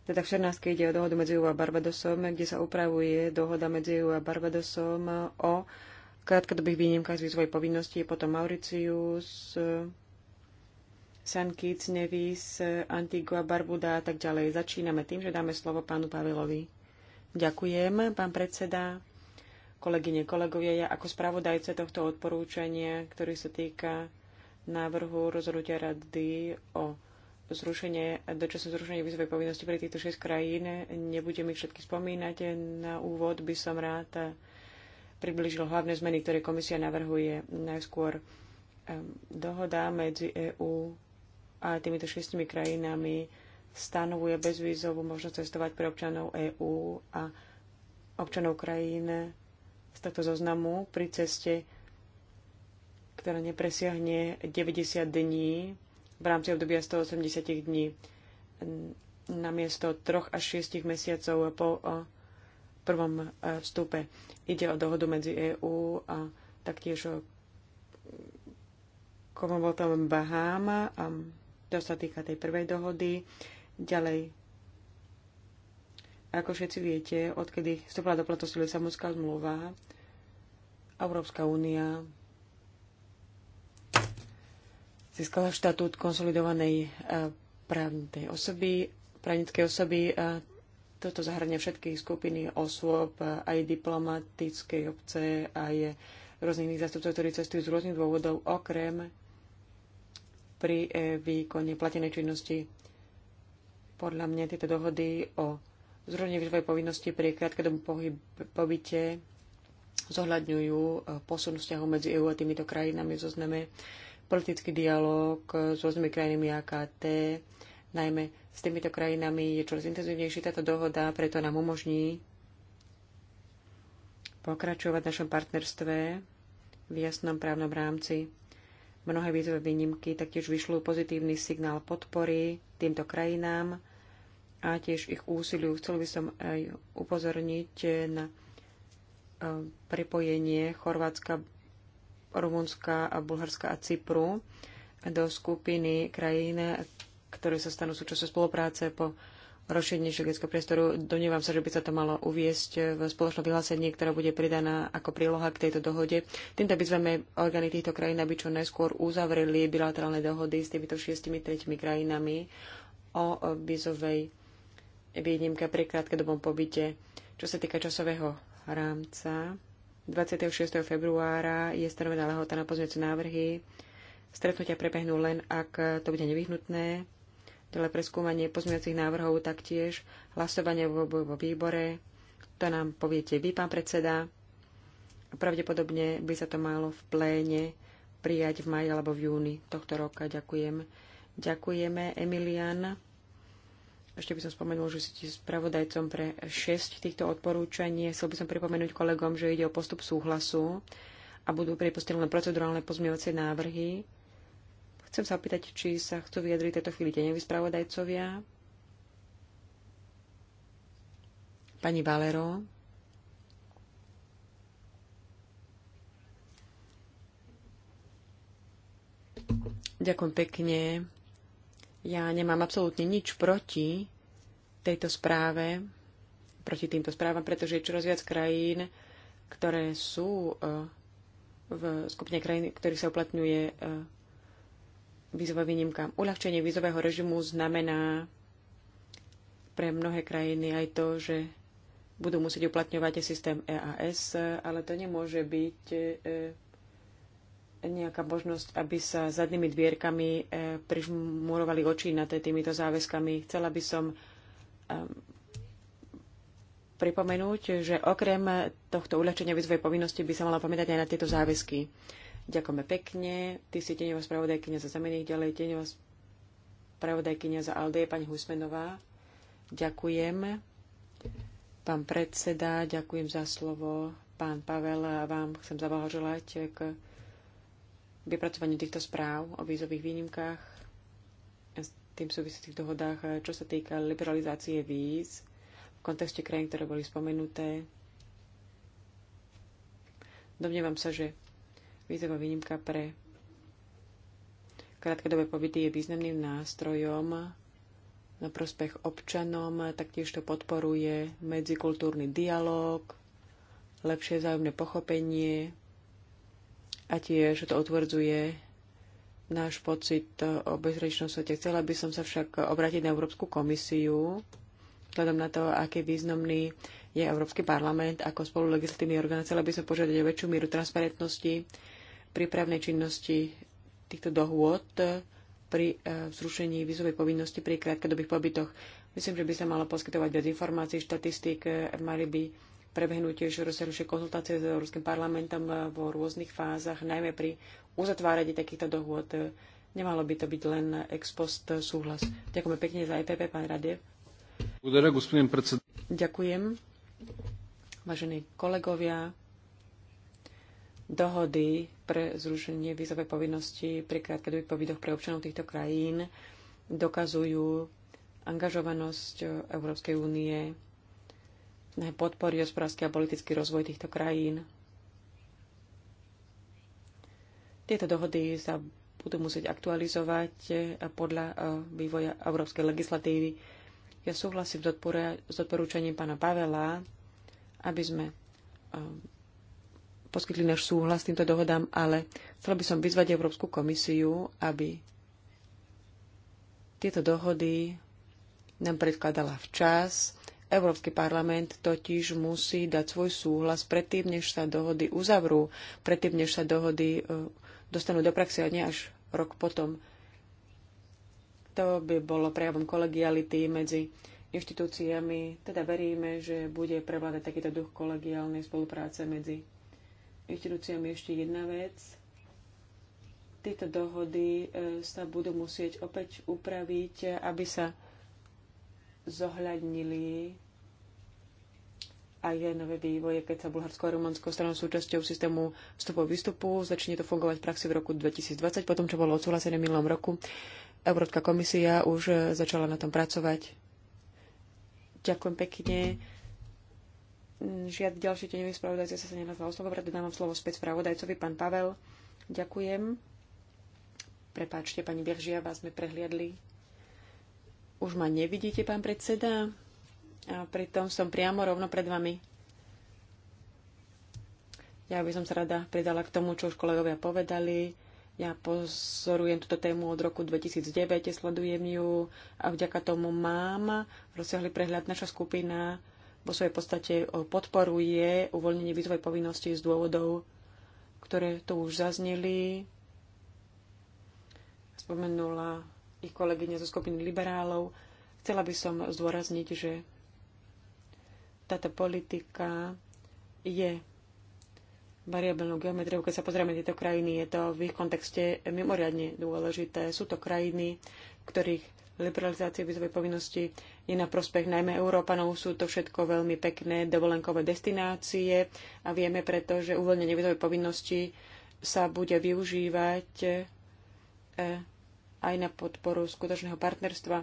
Teda v 14. ide o dohodu medzi EU a Barbadosom, kde sa upravuje dohoda medzi EU a Barbadosom o krátkodobých výnimkách z výzvoj povinností, potom Mauricius, San Kitts, Nevis, Antigua, Barbuda a tak ďalej. Začíname tým, že dáme slovo pánu Pavelovi. Ďakujem, pán predseda, kolegyne, kolegovia. Ja ako spravodajca tohto odporúčania, ktorý sa týka návrhu rozhodnutia rady o zrušenie, dočasné zrušenie výzovej povinnosti pre týchto šesť krajín. Nebudem ich všetky spomínať. Na úvod by som rád približil hlavné zmeny, ktoré komisia navrhuje. Najskôr ehm, dohoda medzi EÚ a týmito šestimi krajinami stanovuje bezvízovú možnosť cestovať pre občanov EÚ a občanov krajín z tohto zoznamu pri ceste, ktorá nepresiahne 90 dní v rámci obdobia 180 dní namiesto 3 až 6 mesiacov po eh, prvom eh, vstupe. Ide o dohodu medzi EÚ a taktiež o Commonwealthom Bahama a to sa týka tej prvej dohody. Ďalej, ako všetci viete, odkedy vstúpila do platnosti Lisabonská zmluva, Európska únia získala štatút konsolidovanej e, právnej osoby, právnickej osoby. Toto zahrania všetky skupiny osôb, aj diplomatickej obce, aj rôznych iných zastupcov, ktorí cestujú z rôznych dôvodov, okrem pri e, výkone platenej činnosti. Podľa mňa tieto dohody o zruženie výzvoj povinnosti pri krátkodobom pobyte zohľadňujú e, posun vzťahu medzi EU a týmito krajinami zo zozname politický dialog s rôznymi krajinami AKT, najmä s týmito krajinami je čoraz intenzívnejšia táto dohoda, preto nám umožní pokračovať v našom partnerstve v jasnom právnom rámci. Mnohé vízové výnimky taktiež vyšľú pozitívny signál podpory týmto krajinám a tiež ich úsiliu. Chcel by som aj upozorniť na e, pripojenie Chorvátska, Rumunska, a Bulharska a Cypru do skupiny krajín, ktoré sa stanú súčasťou spolupráce po rozšírenie šengenského priestoru. Domnievam sa, že by sa to malo uviesť v spoločnom vyhlásení, ktorá bude pridaná ako príloha k tejto dohode. Týmto by sme orgány týchto krajín, aby čo najskôr uzavreli bilaterálne dohody s týmito šiestimi tretimi krajinami o vizovej výnimke pri krátkodobom pobyte. Čo sa týka časového rámca, 26. februára je stanovená lehota na pozmeňujúce návrhy. Stretnutia prebehnú len, ak to bude nevyhnutné teda preskúmanie pozmeňujúcich návrhov, taktiež hlasovanie vo, vo výbore. To nám poviete vy, pán predseda. Pravdepodobne by sa to malo v pléne prijať v maji alebo v júni tohto roka. Ďakujem. Ďakujeme, Emilian. Ešte by som spomenul, že ste spravodajcom pre 6 týchto odporúčaní. Chcel by som pripomenúť kolegom, že ide o postup súhlasu a budú pripustené procedurálne pozmievacie návrhy Chcem sa opýtať, či sa chcú vyjadriť tejto chvíli deňoví spravodajcovia. Pani Valero. Ďakujem pekne. Ja nemám absolútne nič proti tejto správe, proti týmto správam, pretože je čoraz viac krajín, ktoré sú eh, v skupine krajín, ktorých sa uplatňuje eh, vízová výnimka. Uľahčenie vízového režimu znamená pre mnohé krajiny aj to, že budú musieť uplatňovať systém EAS, ale to nemôže byť e, nejaká možnosť, aby sa zadnými dvierkami e, prižmurovali oči nad týmito záväzkami. Chcela by som e, pripomenúť, že okrem tohto uľahčenia výzvoj povinnosti by sa mala pamätať aj na tieto záväzky. Ďakujeme pekne. Ty si tieňová spravodajkynia za zamených, ďalej tieňová spravodajkynia za Aldeje, pani Husmenová. Ďakujem. Pán predseda, ďakujem za slovo. Pán Pavel, a vám chcem zablahoželať k vypracovaniu týchto správ o vízových výnimkách a s tým súvisitých dohodách, čo sa týka liberalizácie víz v kontexte krajín, ktoré boli spomenuté. Domnievam sa, že Vízová výnimka pre krátkodobé pobyty je významným nástrojom na prospech občanom, taktiež to podporuje medzikultúrny dialog, lepšie vzájomné pochopenie a tiež to utvrdzuje náš pocit o bezrečnom svete. Chcela by som sa však obrátiť na Európsku komisiu, vzhľadom na to, aký významný je Európsky parlament ako spolulegislatívny orgán. Chcela by som požiadať o väčšiu mieru transparentnosti prípravnej činnosti týchto dohôd e, pri e, zrušení vízovej povinnosti pri krátkodobých pobytoch. Myslím, že by sa malo poskytovať viac informácií, štatistík, e, mali by prebehnúť tiež rozsiahlejšie konzultácie s Európskym parlamentom vo rôznych fázach, najmä pri uzatváraní takýchto dohôd. Nemalo by to byť len ex post súhlas. Ďakujeme pekne za EPP, pán Radev. Ďakujem. Vážení kolegovia, dohody pre zrušenie vízovej povinnosti pri krátkodobých pobytoch pre občanov týchto krajín dokazujú angažovanosť Európskej únie na podpory hospodársky a politický rozvoj týchto krajín. Tieto dohody sa budú musieť aktualizovať podľa eh, vývoja európskej legislatívy. Ja súhlasím s odporúčaním pána Pavela, aby sme eh, poskytli náš súhlas týmto dohodám, ale chcel by som vyzvať Európsku komisiu, aby tieto dohody nám predkladala včas. Európsky parlament totiž musí dať svoj súhlas predtým, než sa dohody uzavrú, predtým, než sa dohody e, dostanú do praxe a nie až rok potom. To by bolo prejavom kolegiality medzi inštitúciami. Teda veríme, že bude prevládať takýto duch kolegiálnej spolupráce medzi inštitúciami ešte jedna vec. Tieto dohody e, sa budú musieť opäť upraviť, aby sa zohľadnili aj nové vývoje, keď sa Bulharsko a Rumunsko stanú súčasťou systému vstupov výstupu. Začne to fungovať v praxi v roku 2020, potom čo bolo odsúhlasené v minulom roku. Európska komisia už e, začala na tom pracovať. Ďakujem pekne. Žiad ďalšie tenevý spravodajca sa nenazval slovo, preto dávam slovo späť spravodajcovi, pán Pavel. Ďakujem. Prepáčte, pani Beržia, vás sme prehliadli. Už ma nevidíte, pán predseda? A pritom som priamo rovno pred vami. Ja by som sa rada pridala k tomu, čo už kolegovia povedali. Ja pozorujem túto tému od roku 2009, sledujem ju a vďaka tomu mám rozsiahly prehľad. Naša skupina vo svojej podstate e, podporuje uvoľnenie výzvoj povinnosti z dôvodov, ktoré tu už zazneli. Spomenula ich kolegyňa zo skupiny liberálov. Chcela by som zdôrazniť, že táto politika je variabilnou geometriou. Keď sa pozrieme tieto krajiny, je to v ich kontexte mimoriadne dôležité. Sú to krajiny, ktorých liberalizácia vizovej povinnosti je na prospech najmä Európanov. Sú to všetko veľmi pekné dovolenkové destinácie a vieme preto, že uvoľnenie vizovej povinnosti sa bude využívať e, aj na podporu skutočného partnerstva.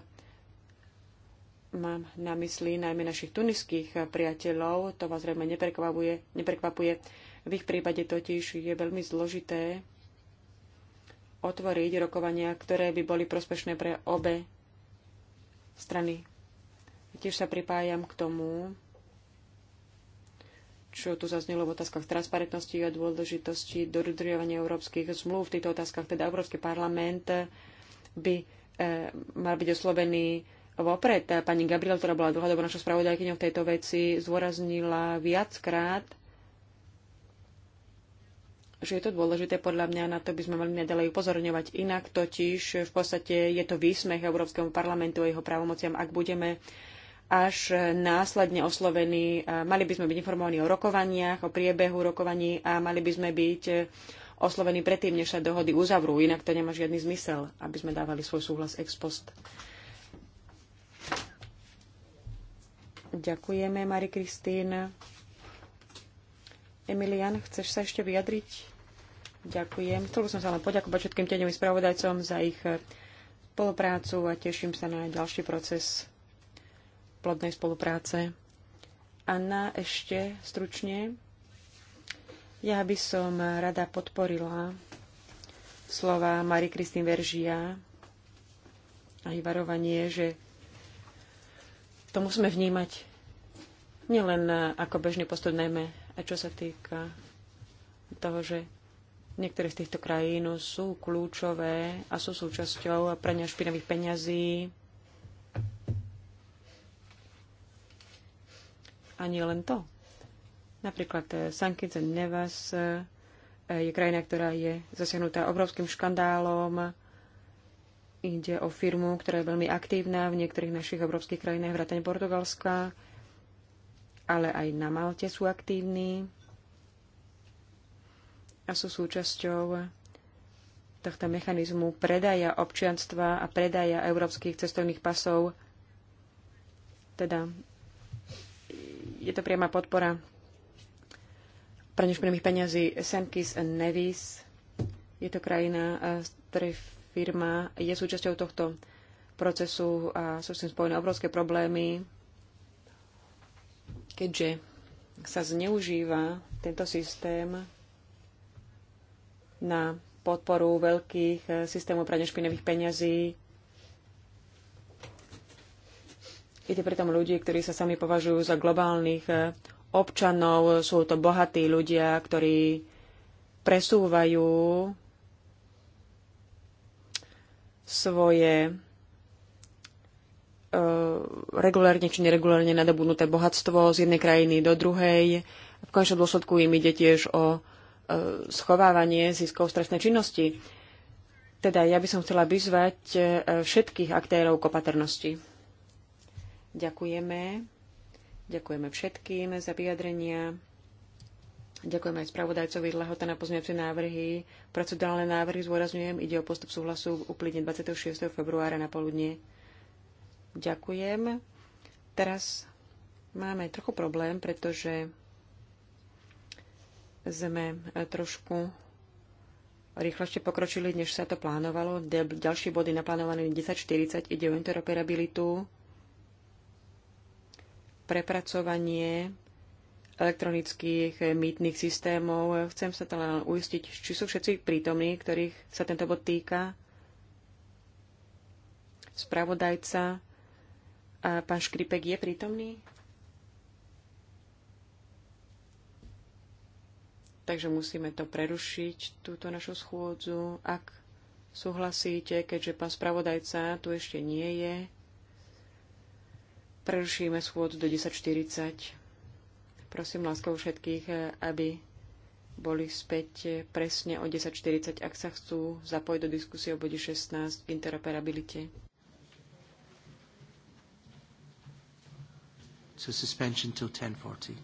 Mám na mysli najmä našich tuniských priateľov, to vás zrejme neprekvapuje, neprekvapuje. V ich prípade totiž je veľmi zložité otvoriť rokovania, ktoré by boli prospešné pre obe strany. Tiež sa pripájam k tomu, čo tu zaznelo v otázkach transparentnosti a dôležitosti dodržiavania európskych zmluv. V týchto otázkach teda Európsky parlament by e, mal byť oslovený vopred. Pani Gabriel, ktorá bola dlhodobo našou spravodajkyňou v tejto veci, zdôraznila viackrát, že je to dôležité podľa mňa, na to by sme mali nadalej upozorňovať. Inak totiž v podstate je to výsmech Európskemu parlamentu a jeho právomociam, ak budeme až následne oslovení. Mali by sme byť informovaní o rokovaniach, o priebehu rokovaní a mali by sme byť oslovení predtým, než sa dohody uzavrú. Inak to nemá žiadny zmysel, aby sme dávali svoj súhlas ex post. Ďakujeme, Mari Kristín. Emilian, chceš sa ešte vyjadriť? Ďakujem. Chcel som sa len poďakovať všetkým tieňovým spravodajcom za ich spoluprácu a teším sa na ďalší proces plodnej spolupráce. Anna, ešte stručne. Ja by som rada podporila slova Marie Kristín Veržia aj varovanie, že to musíme vnímať nielen ako bežný postup, najmä a čo sa týka toho, že niektoré z týchto krajín sú kľúčové a sú súčasťou prania špinavých peňazí, a nie len to. Napríklad eh, Sankice Nevas eh, je krajina, ktorá je zasiahnutá obrovským škandálom. Ide o firmu, ktorá je veľmi aktívna v niektorých našich obrovských krajinách, vrátane Portugalska, ale aj na Malte sú aktívni a sú súčasťou tohto mechanizmu predaja občianstva a predaja európskych cestovných pasov. Teda je to priama podpora pre špinavých peňazí Senkis Nevis. Je to krajina, eh, z ktorej firma je súčasťou tohto procesu a sú s tým spojené obrovské problémy, keďže sa zneužíva tento systém na podporu veľkých eh, systémov pre špinavých peňazí pri pritom ľudí, ktorí sa sami považujú za globálnych eh, občanov, sú to bohatí ľudia, ktorí presúvajú svoje eh, regulárne či neregulárne nadobudnuté bohatstvo z jednej krajiny do druhej. V končnom dôsledku im ide tiež o eh, schovávanie ziskov stresnej činnosti. Teda ja by som chcela vyzvať všetkých aktérov k opatrnosti. Ďakujeme. Ďakujeme všetkým za vyjadrenia. Ďakujeme aj spravodajcovi Lehota na pozmeňujúce návrhy. Procedurálne návrhy zdôrazňujem, ide o postup súhlasu úplne 26. februára na poludne. Ďakujem. Teraz máme trochu problém, pretože sme e, trošku rýchlejšie pokročili, než sa to plánovalo. Ďalšie body naplánované 10.40 ide o interoperabilitu prepracovanie elektronických mýtnych systémov. Chcem sa teda len uistiť, či sú všetci prítomní, ktorých sa tento bod týka. Spravodajca. A pán Škripek je prítomný? Takže musíme to prerušiť, túto našu schôdzu. Ak súhlasíte, keďže pán spravodajca tu ešte nie je, Prerušíme schôd do 10.40. Prosím láskov všetkých, eh, aby boli späť eh, presne o 10.40, ak sa chcú zapojiť do diskusie o bode 16 v interoperabilite. So suspension till 10.40.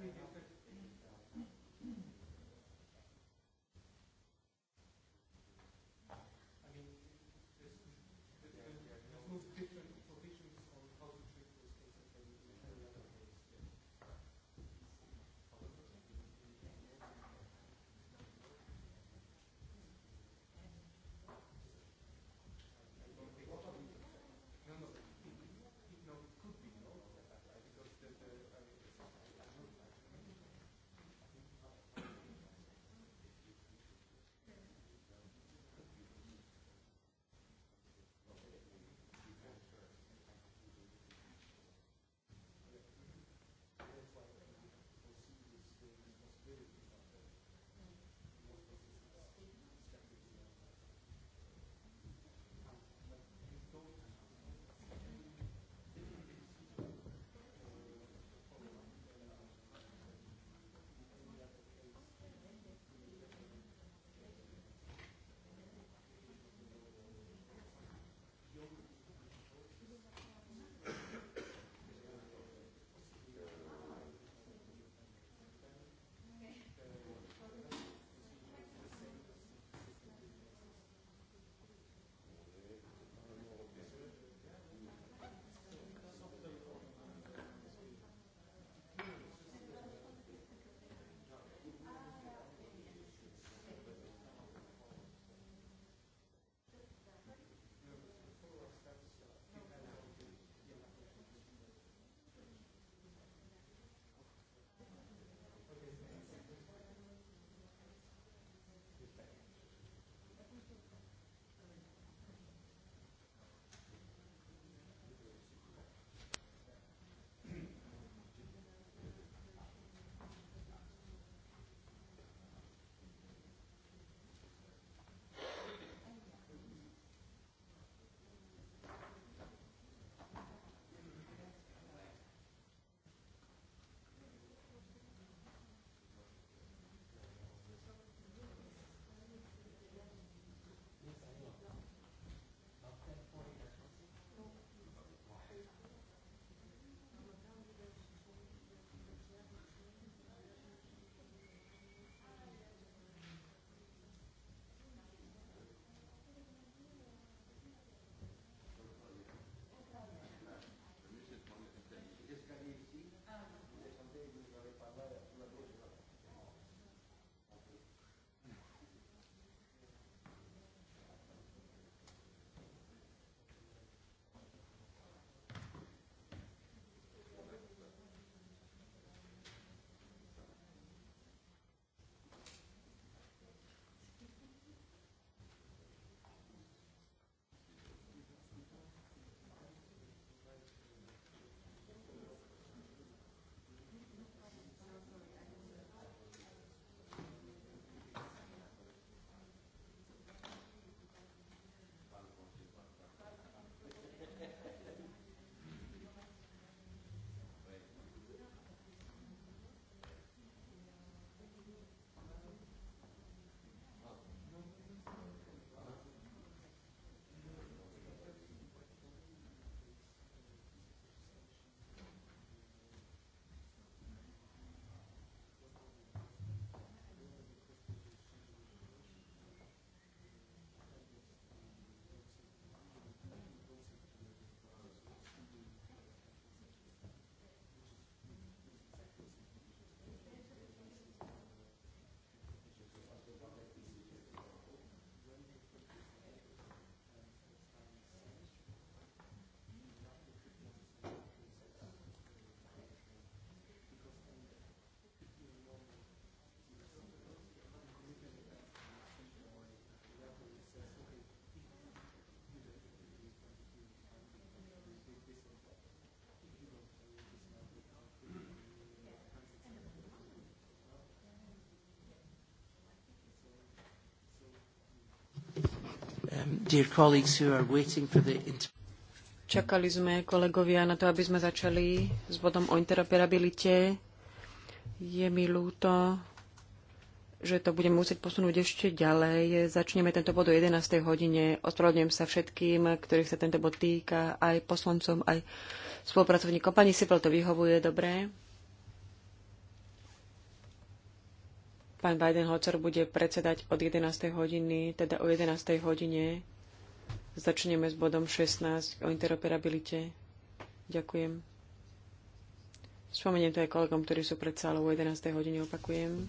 Gracias. Čakali sme kolegovia na to, aby sme začali s bodom o interoperabilite. Je mi ľúto, že to budeme musieť posunúť ešte ďalej. Začneme tento bod o 11. hodine. Ospravedlňujem sa všetkým, ktorých sa tento bod týka, aj poslancom, aj spolupracovníkom. Pani Sipel to vyhovuje, dobre? Pán Weidenholzer bude predsedať od 11. hodiny, teda o 11. hodine. Začneme s bodom 16 o interoperabilite. Ďakujem. Spomeniem to aj kolegom, ktorí sú pred sálou o 11. hodine, opakujem.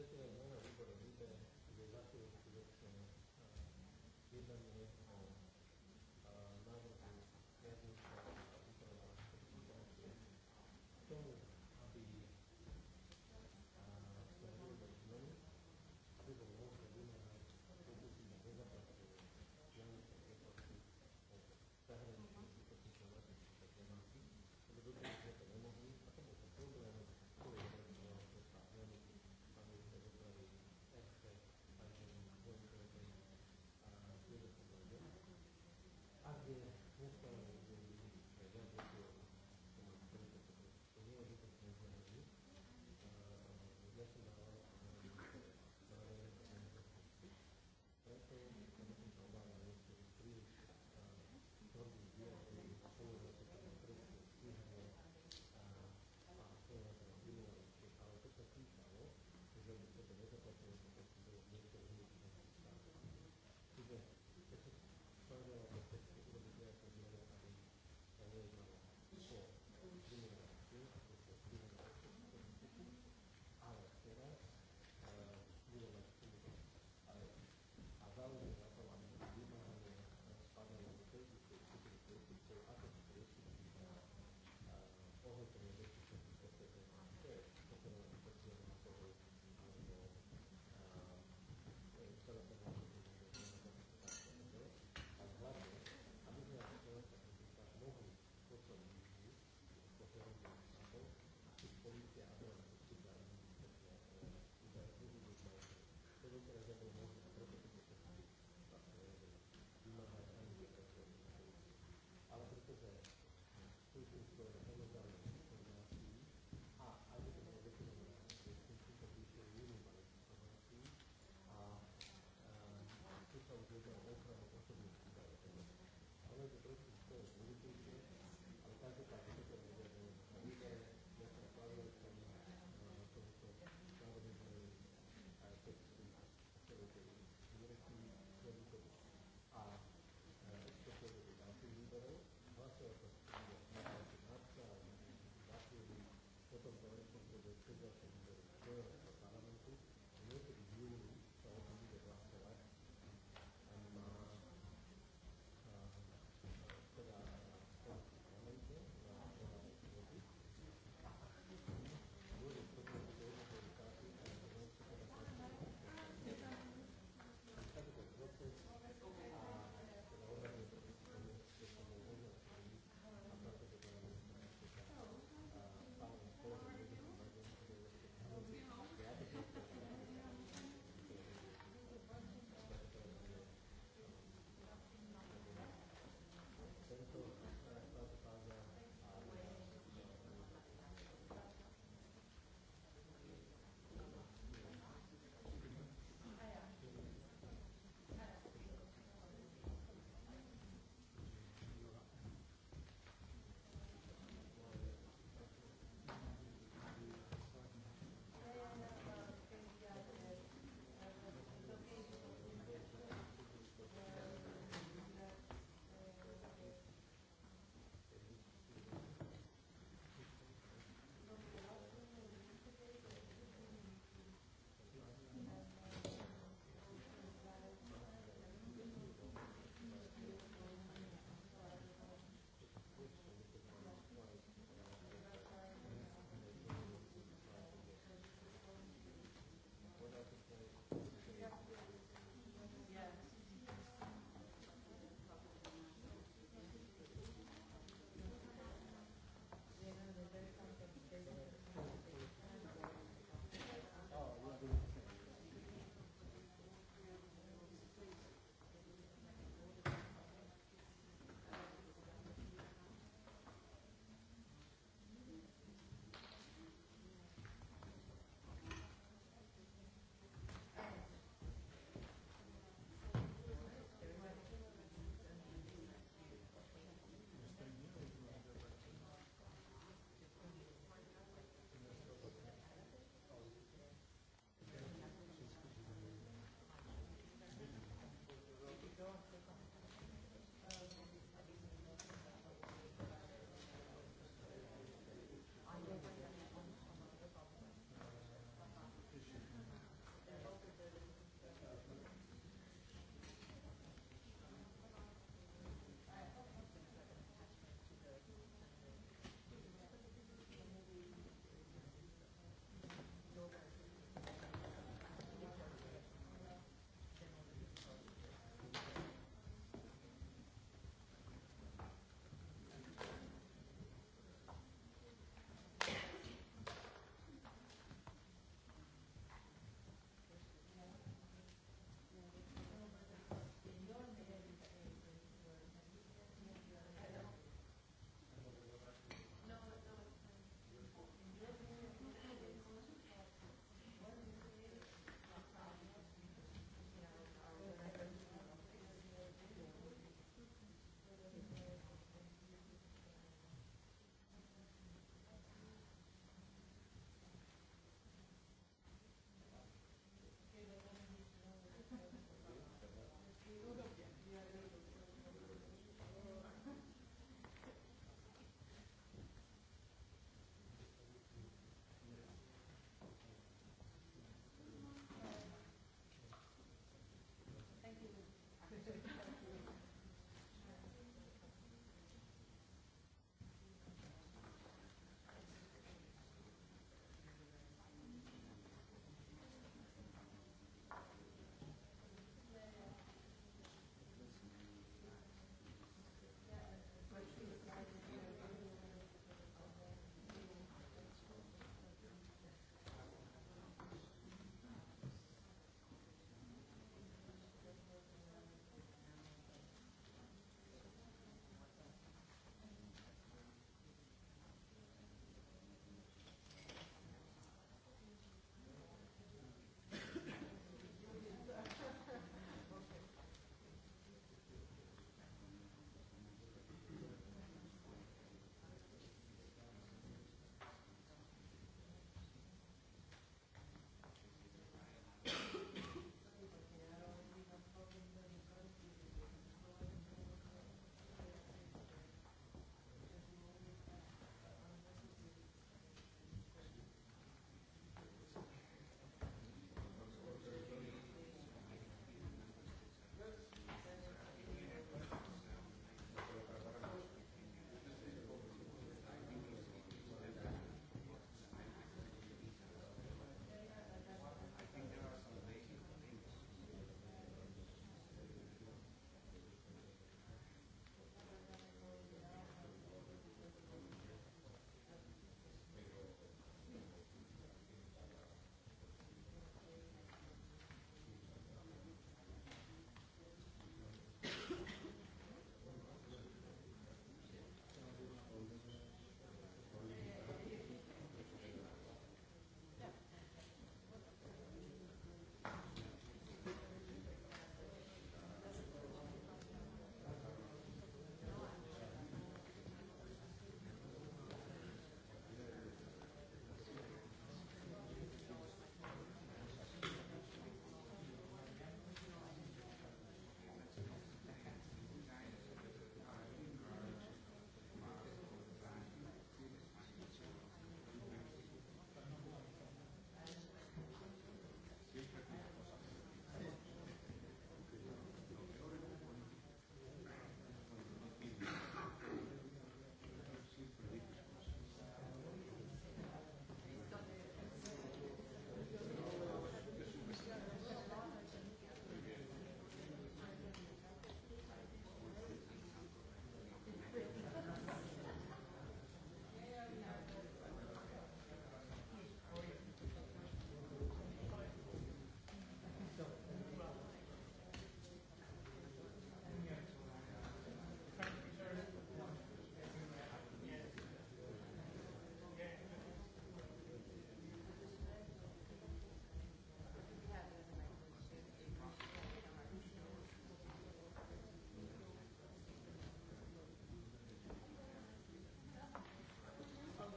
konkrétne z môjho výboru víte, že za tie skutočne jednanie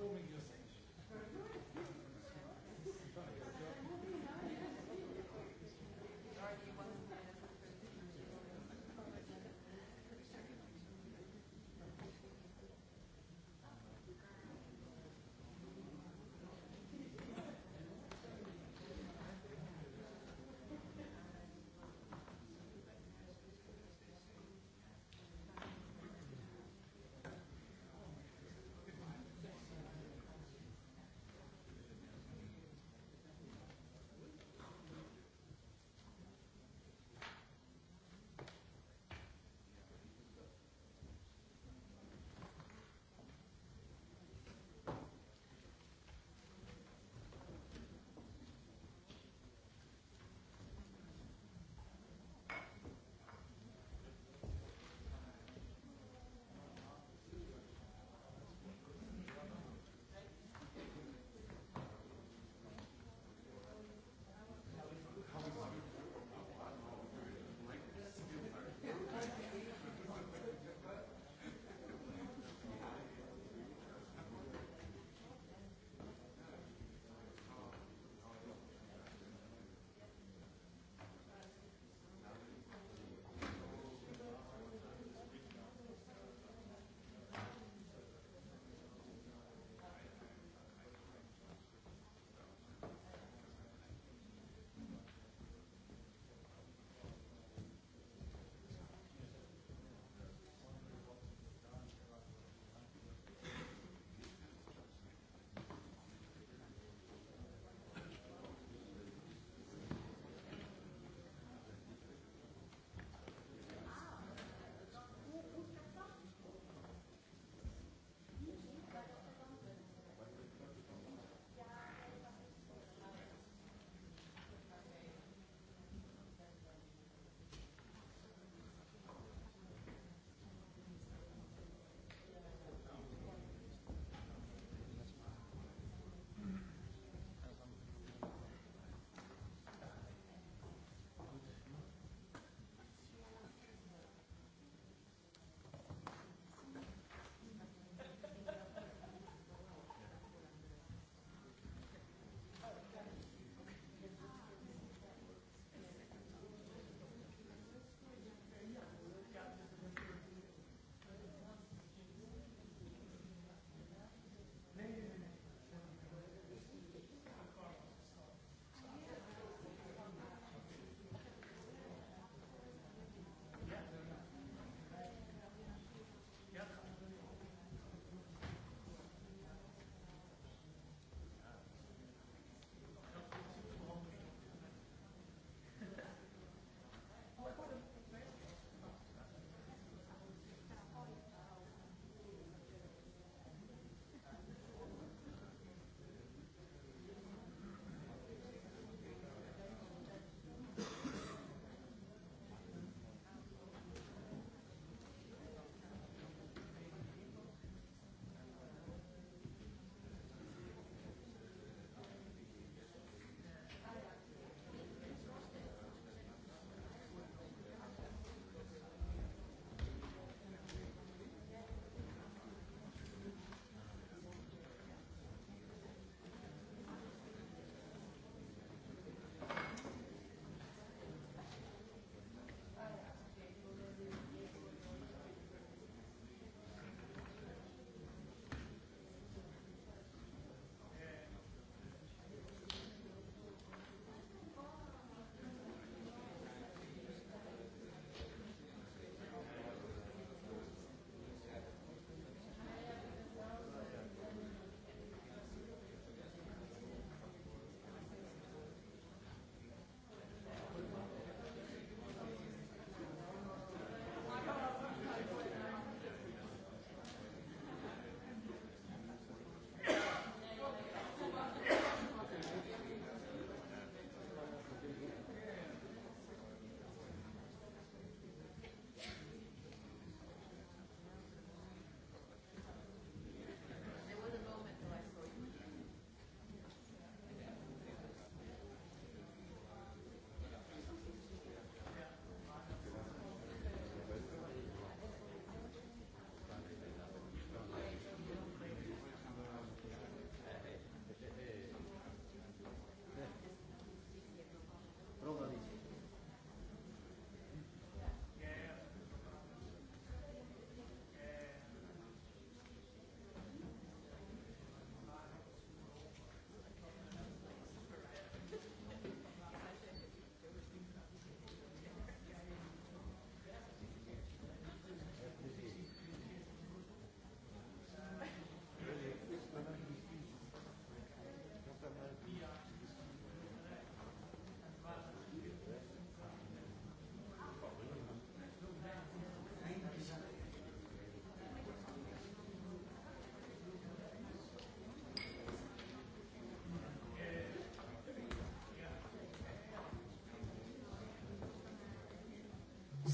come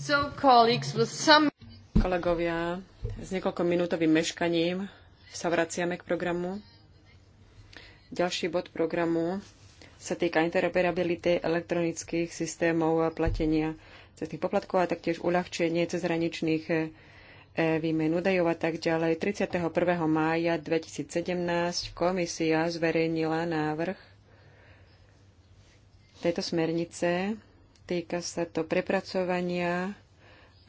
So, some... Kolegovia, s niekoľkominútovým meškaním sa vraciame k programu. Ďalší bod programu sa týka interoperability elektronických systémov platenia cestných poplatkov a taktiež uľahčenie cezhraničných eh, výmen údajov a tak ďalej. 31. mája 2017 komisia zverejnila návrh tejto smernice Týka sa to prepracovania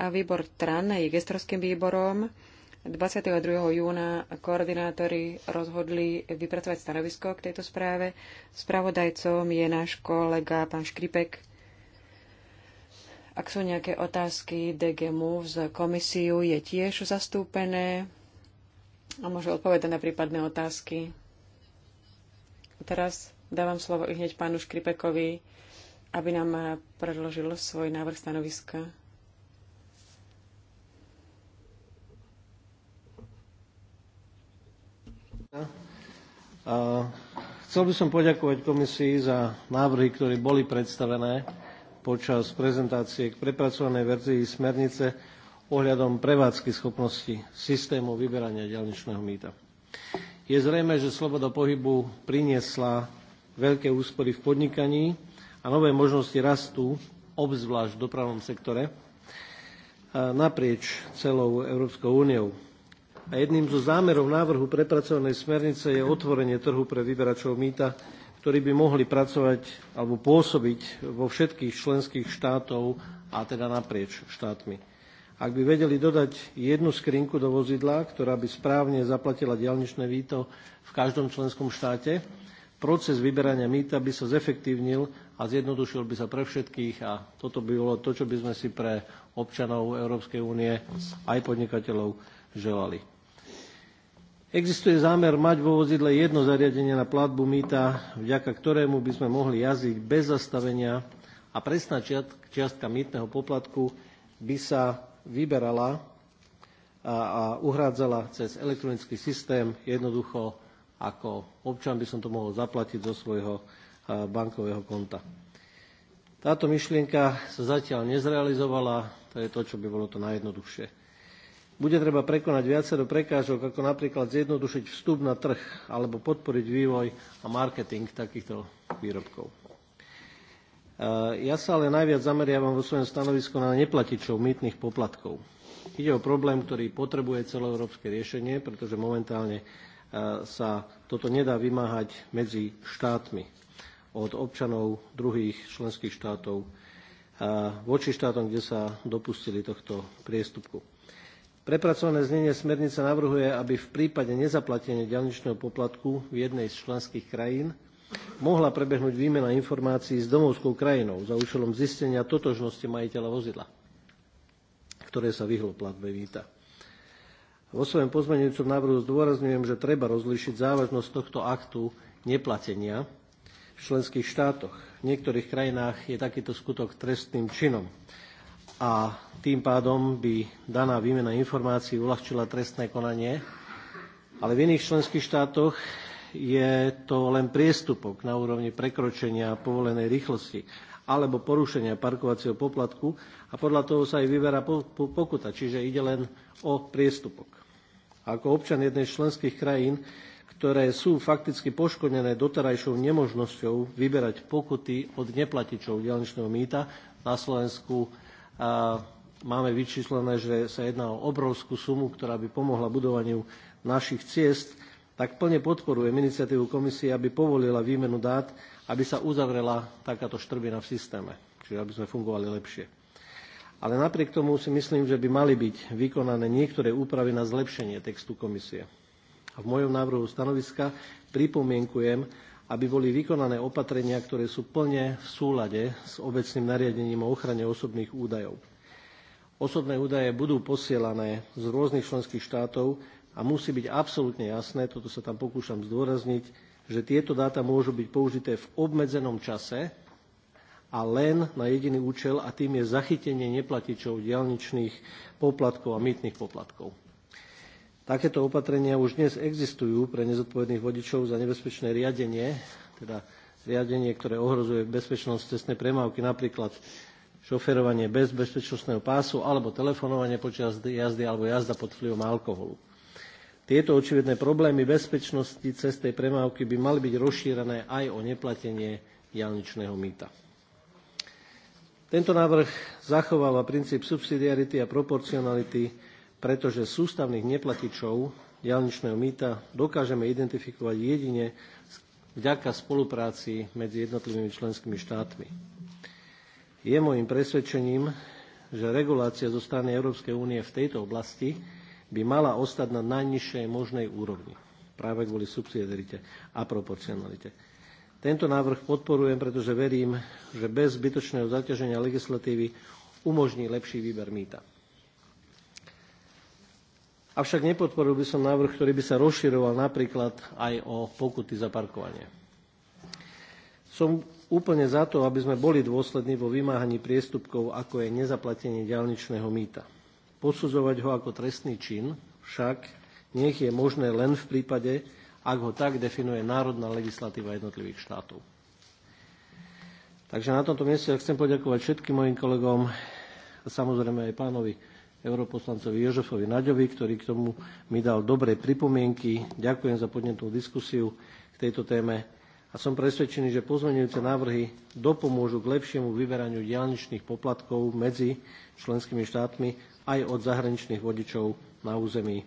a výbor TRAN je gestorským výborom. 22. júna koordinátori rozhodli vypracovať stanovisko k tejto správe. Spravodajcom je náš kolega pán Škripek. Ak sú nejaké otázky, DGMU z komisiu je tiež zastúpené a môže odpovedať na prípadné otázky. Teraz dávam slovo i hneď pánu Škripekovi aby nám eh, predložil svoj návrh stanoviska. Chcel by som poďakovať komisii za návrhy, ktoré boli predstavené počas prezentácie k prepracovanej verzii smernice ohľadom prevádzky schopnosti systému vyberania ďalničného mýta. Je zrejme, že sloboda pohybu priniesla veľké úspory v podnikaní, a nové možnosti rastú, obzvlášť v dopravnom sektore, naprieč celou Európskou úniou. A jedným zo zámerov návrhu prepracovanej smernice je otvorenie trhu pre vyberačov mýta, ktorí by mohli pracovať alebo pôsobiť vo všetkých členských štátov a teda naprieč štátmi. Ak by vedeli dodať jednu skrinku do vozidla, ktorá by správne zaplatila diaľničné víto v každom členskom štáte, proces vyberania mýta by sa zefektívnil a zjednodušil by sa pre všetkých a toto by bolo to, čo by sme si pre občanov Európskej únie aj podnikateľov želali. Existuje zámer mať vo vozidle jedno zariadenie na platbu mýta, vďaka ktorému by sme mohli jazdiť bez zastavenia a presná čiastka mýtneho poplatku by sa vyberala a, a uhrádzala cez elektronický systém jednoducho ako občan by som to mohol zaplatiť zo svojho eh, bankového konta. Táto myšlienka sa zatiaľ nezrealizovala, to je to, čo by bolo to najjednoduchšie. Bude treba prekonať viacero prekážok, ako napríklad zjednodušiť vstup na trh alebo podporiť vývoj a marketing takýchto výrobkov. Eh, ja sa ale najviac zameriavam vo svojom stanovisku na neplatičov mýtnych poplatkov. Ide o problém, ktorý potrebuje celoeurópske riešenie, pretože momentálne sa toto nedá vymáhať medzi štátmi od občanov druhých členských štátov voči štátom, kde sa dopustili tohto priestupku. Prepracované znenie smernice navrhuje, aby v prípade nezaplatenia ďalničného poplatku v jednej z členských krajín mohla prebehnúť výmena informácií s domovskou krajinou za účelom zistenia totožnosti majiteľa vozidla, ktoré sa vyhlo platbe víta. Vo svojom pozmeňujúcom návrhu zdôrazňujem, že treba rozlíšiť závažnosť tohto aktu neplatenia v členských štátoch. V niektorých krajinách je takýto skutok trestným činom a tým pádom by daná výmena informácií uľahčila trestné konanie, ale v iných členských štátoch je to len priestupok na úrovni prekročenia povolenej rýchlosti alebo porušenia parkovacieho poplatku a podľa toho sa aj vyberá pokuta, čiže ide len o priestupok ako občan jednej z členských krajín, ktoré sú fakticky poškodené doterajšou nemožnosťou vyberať pokuty od neplatičov dielničného mýta. Na Slovensku a máme vyčíslené, že sa jedná o obrovskú sumu, ktorá by pomohla budovaniu našich ciest, tak plne podporujem iniciatívu komisie, aby povolila výmenu dát, aby sa uzavrela takáto štrbina v systéme, čiže aby sme fungovali lepšie ale napriek tomu si myslím, že by mali byť vykonané niektoré úpravy na zlepšenie textu komisie. A v mojom návrhu stanoviska pripomienkujem, aby boli vykonané opatrenia, ktoré sú plne v súlade s obecným nariadením o ochrane osobných údajov. Osobné údaje budú posielané z rôznych členských štátov a musí byť absolútne jasné, toto sa tam pokúšam zdôrazniť, že tieto dáta môžu byť použité v obmedzenom čase a len na jediný účel a tým je zachytenie neplatičov diaľničných poplatkov a mýtnych poplatkov. Takéto opatrenia už dnes existujú pre nezodpovedných vodičov za nebezpečné riadenie, teda riadenie, ktoré ohrozuje bezpečnosť cestnej premávky, napríklad šoferovanie bez bezpečnostného pásu alebo telefonovanie počas jazdy alebo jazda pod vplyvom alkoholu. Tieto očividné problémy bezpečnosti cestnej premávky by mali byť rozšírené aj o neplatenie diaľničného mýta. Tento návrh zachováva princíp subsidiarity a proporcionality, pretože sústavných neplatičov dialničného mýta dokážeme identifikovať jedine vďaka spolupráci medzi jednotlivými členskými štátmi. Je môjim presvedčením, že regulácia zo strany Európskej únie v tejto oblasti by mala ostať na najnižšej možnej úrovni práve kvôli subsidiarite a proporcionalite. Tento návrh podporujem, pretože verím, že bez zbytočného zaťaženia legislatívy umožní lepší výber mýta. Avšak nepodporil by som návrh, ktorý by sa rozširoval napríklad aj o pokuty za parkovanie. Som úplne za to, aby sme boli dôslední vo vymáhaní priestupkov, ako je nezaplatenie diaľničného mýta. Posudzovať ho ako trestný čin však nech je možné len v prípade, ak ho tak definuje národná legislatíva jednotlivých štátov. Takže na tomto mieste chcem poďakovať všetkým mojim kolegom a samozrejme aj pánovi europoslancovi Jožefovi Naďovi, ktorý k tomu mi dal dobré pripomienky. Ďakujem za podnetnú diskusiu k tejto téme a som presvedčený, že pozmeňujúce návrhy dopomôžu k lepšiemu vyberaniu diálničných poplatkov medzi členskými štátmi aj od zahraničných vodičov na území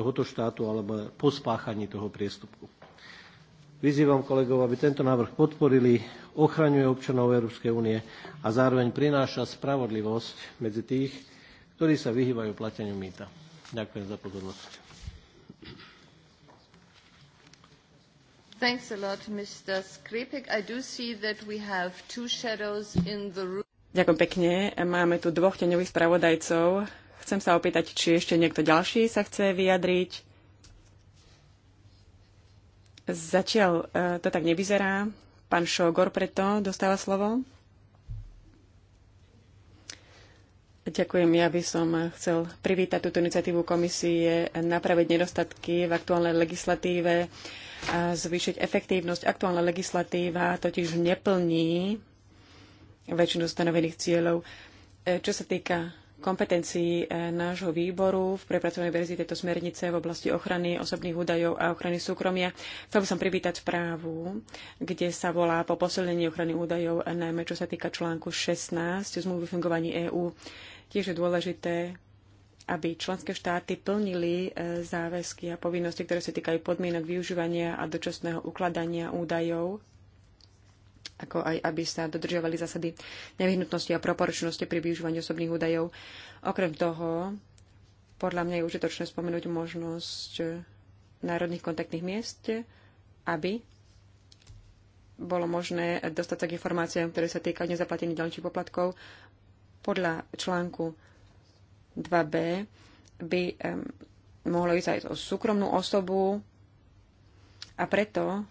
tohoto štátu alebo po spáchaní toho priestupku. Vyzývam kolegov, aby tento návrh podporili, ochraňuje občanov Európskej únie a zároveň prináša spravodlivosť medzi tých, ktorí sa vyhýbajú plateniu mýta. Ďakujem za pozornosť. Thanks a lot, Mr. Skripek. I do see that we have two shadows in the room. Ďakujem pekne. Máme tu dvoch teňových spravodajcov Chcem sa opýtať, či ešte niekto ďalší sa chce vyjadriť. Zatiaľ e, to tak nevyzerá. Pán Šogor preto dostáva slovo. Ďakujem. Ja by som chcel privítať túto iniciatívu komisie napraviť nedostatky v aktuálnej legislatíve, a zvýšiť efektívnosť. Aktuálna legislatíva totiž neplní väčšinu stanovených cieľov. E, čo sa týka kompetencií eh, nášho výboru v prepracovanej verzii tejto smernice v oblasti ochrany osobných údajov a ochrany súkromia. Chcel by som privítať správu, kde sa volá po posilnení ochrany údajov, eh, najmä čo sa týka článku 16 zmluvy o fungovaní EÚ. Tiež je dôležité, aby členské štáty plnili eh, záväzky a povinnosti, ktoré sa týkajú podmienok využívania a dočasného ukladania údajov ako aj aby sa dodržiavali zásady nevyhnutnosti a proporčnosti pri využívaní osobných údajov. Okrem toho, podľa mňa je užitočné spomenúť možnosť národných kontaktných miest, aby bolo možné dostať sa k informáciám, ktoré sa týkajú nezaplatených ďalších poplatkov. Podľa článku 2b by um, mohlo ísť aj o súkromnú osobu a preto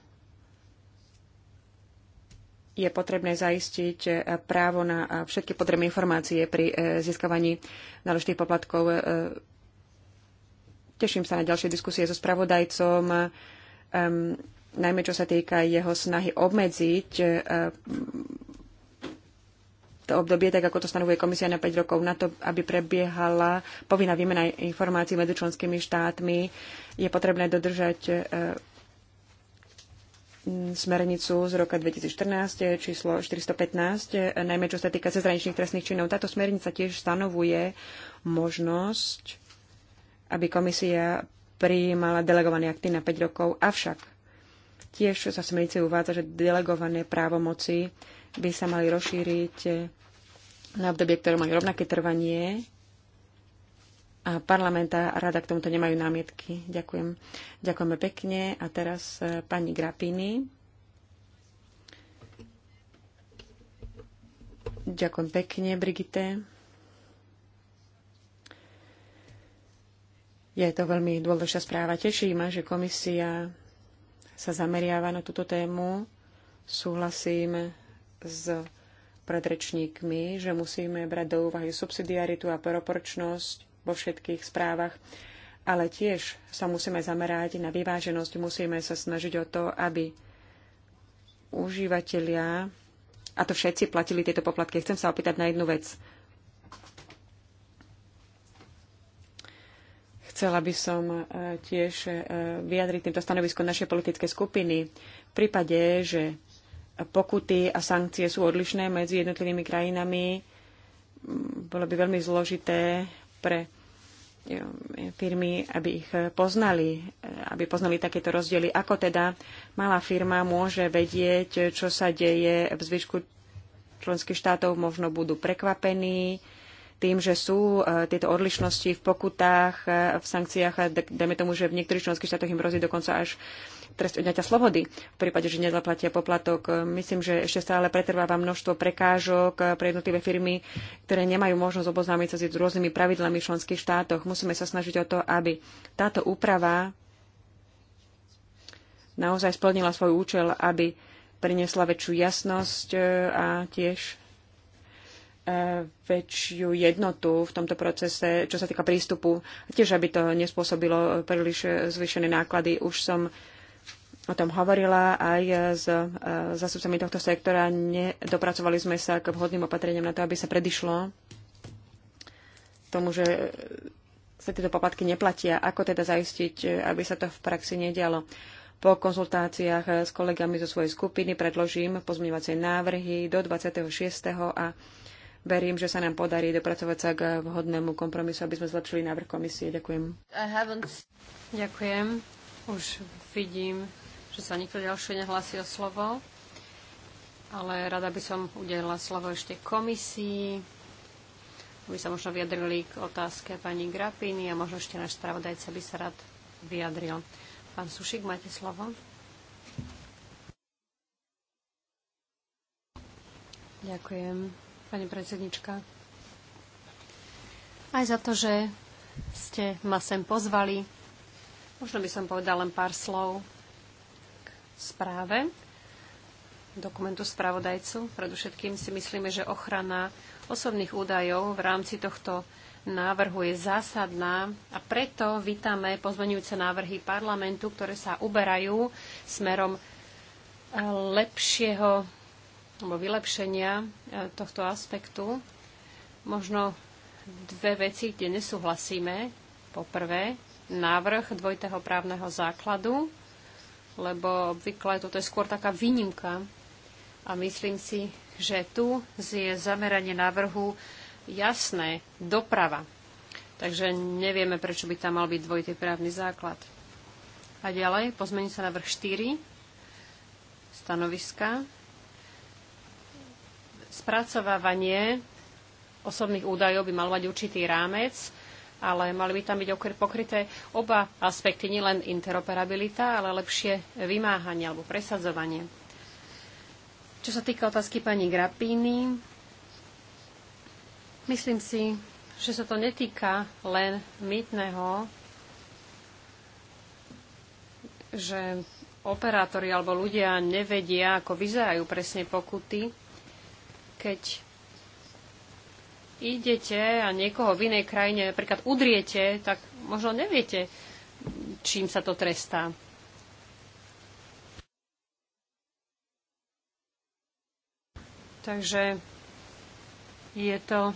je potrebné zaistiť eh, právo na eh, všetky potrebné informácie pri eh, získavaní náležitých poplatkov. Teším sa na ďalšie diskusie so spravodajcom, najmä čo sa týka jeho snahy obmedziť to obdobie, tak ako to stanovuje komisia na 5 rokov, na to, aby prebiehala povinná výmena informácií medzi členskými štátmi, je potrebné dodržať smernicu z roka 2014 eh, číslo 415, eh, najmä čo sa týka cezhraničných trestných činov. Táto smernica tiež stanovuje možnosť, aby komisia prijímala delegované akty na 5 rokov, avšak tiež sa smernice uvádza, že delegované právomoci by sa mali rozšíriť eh, na obdobie, ktoré majú rovnaké trvanie Parlament parlamenta a rada k tomuto nemajú námietky. Ďakujem. Ďakujeme pekne. A teraz e, pani Grapini. Ďakujem pekne, Brigite. Je to veľmi dôležitá správa. Teší ma, že komisia sa zameriava na túto tému. Súhlasím s predrečníkmi, že musíme brať do úvahy subsidiaritu a proporčnosť vo všetkých správach. Ale tiež sa musíme zamerať na vyváženosť, musíme sa snažiť o to, aby užívateľia, a to všetci, platili tieto poplatky. Chcem sa opýtať na jednu vec. Chcela by som e, tiež e, vyjadriť týmto stanovisko našej politické skupiny. V prípade, že pokuty a sankcie sú odlišné medzi jednotlivými krajinami, bolo by veľmi zložité pre eh, firmy, aby ich eh, poznali, eh, aby poznali takéto rozdiely. Ako teda malá firma môže vedieť, čo sa deje v zvyšku členských štátov, možno budú prekvapení tým, že sú tieto odlišnosti v pokutách, v sankciách, a dajme tomu, že v niektorých členských štátoch im hrozí dokonca až trest odňatia slobody v prípade, že nezaplatia poplatok. E, myslím, že ešte stále pretrváva množstvo prekážok e, pre jednotlivé firmy, ktoré nemajú možnosť oboznámiť sa s rôznymi pravidlami v členských štátoch. Musíme sa snažiť o to, aby táto úprava naozaj splnila svoj účel, aby priniesla väčšiu jasnosť e, a tiež väčšiu jednotu v tomto procese, čo sa týka prístupu, tiež aby to nespôsobilo príliš zvýšené náklady. Už som o tom hovorila aj s e, zastupcami tohto sektora. nedopracovali sme sa k vhodným opatreniam na to, aby sa predišlo tomu, že sa tieto poplatky neplatia. Ako teda zaistiť, e, aby sa to v praxi nedialo? Po konzultáciách s kolegami zo svojej skupiny predložím pozmeňovacie návrhy do 26. a verím, že sa nám podarí dopracovať sa k vhodnému kompromisu, aby sme zlepšili návrh komisie. Ďakujem. Ďakujem. Už vidím, že sa nikto ďalšie nehlási o slovo, ale rada by som udelila slovo ešte komisii, aby sa možno vyjadrili k otázke pani Grapiny a možno ešte náš spravodajca by sa rád vyjadril. Pán Sušik, máte slovo. Ďakujem, pani predsednička. Aj za to, že ste ma sem pozvali. Možno by som povedala len pár slov správe, dokumentu spravodajcu. Predovšetkým si myslíme, že ochrana osobných údajov v rámci tohto návrhu je zásadná a preto vítame pozmeňujúce návrhy parlamentu, ktoré sa uberajú smerom eh, lepšieho alebo vylepšenia eh, tohto aspektu. Možno dve veci, kde nesúhlasíme. Poprvé, návrh dvojitého právneho základu lebo obvykle toto je skôr taká výnimka. A myslím si, že tu je zameranie návrhu jasné, doprava. Takže nevieme, prečo by tam mal byť dvojitý právny základ. A ďalej, pozmení sa návrh 4, stanoviska, spracovávanie osobných údajov by mal mať určitý rámec ale mali by tam byť pokryté oba aspekty, nielen interoperabilita, ale lepšie vymáhanie alebo presadzovanie. Čo sa týka otázky pani Grapíny, myslím si, že sa to netýka len mýtneho, že operátori alebo ľudia nevedia, ako vyzerajú presne pokuty, keď idete a niekoho v inej krajine napríklad udriete, tak možno neviete, čím sa to trestá. Takže je to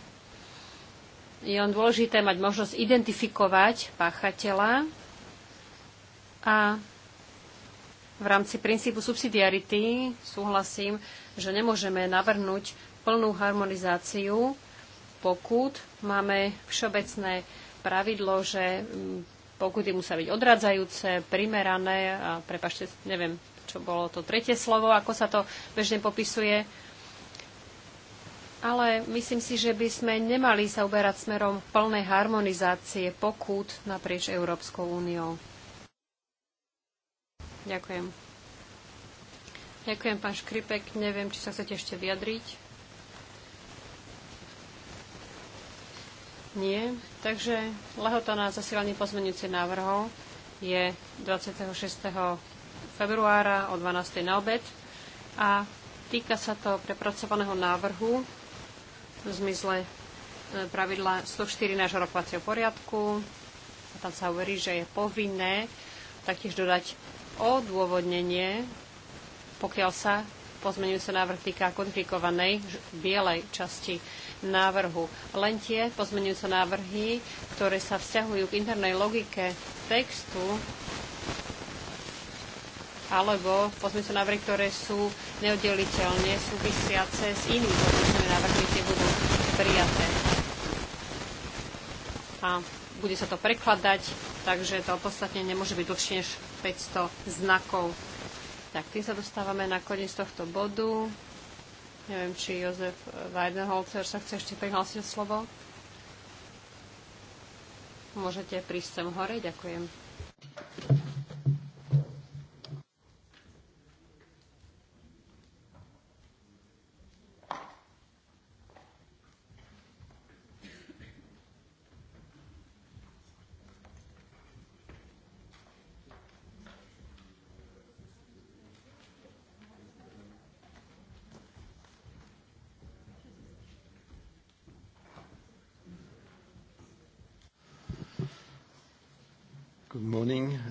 je len dôležité mať možnosť identifikovať páchateľa a v rámci princípu subsidiarity súhlasím, že nemôžeme navrhnúť plnú harmonizáciu pokút. Máme všeobecné pravidlo, že mm, pokuty musia byť odradzajúce, primerané a prepašte, neviem, čo bolo to tretie slovo, ako sa to bežne popisuje. Ale myslím si, že by sme nemali sa uberať smerom plnej harmonizácie pokút naprieč Európskou úniou. Ďakujem. Ďakujem, pán Škripek. Neviem, či sa chcete ešte vyjadriť. Nie. Takže lehota na zasielanie pozmeňujúcich návrhov je 26. februára o 12. na obed a týka sa to prepracovaného návrhu v zmysle e, pravidla 104 nášho rokovacieho poriadku. A tam sa hovorí, že je povinné taktiež dodať odôvodnenie, pokiaľ sa pozmeňujúce návrh týka kodifikovanej bielej časti návrhu. Len tie pozmenujúce návrhy, ktoré sa vzťahujú k internej logike textu, alebo pozmeňujúce návrhy, ktoré sú neoddeliteľne súvisiace s inými pozmeňujúcimi návrhmi, tie budú prijaté. A bude sa to prekladať, takže to podstatne nemôže byť dlhšie než 500 znakov. Tak tým sa dostávame na koniec tohto bodu. Neviem, či Jozef Weidenholzer sa chce ešte prihlásiť o slovo. Môžete prísť sem hore, ďakujem.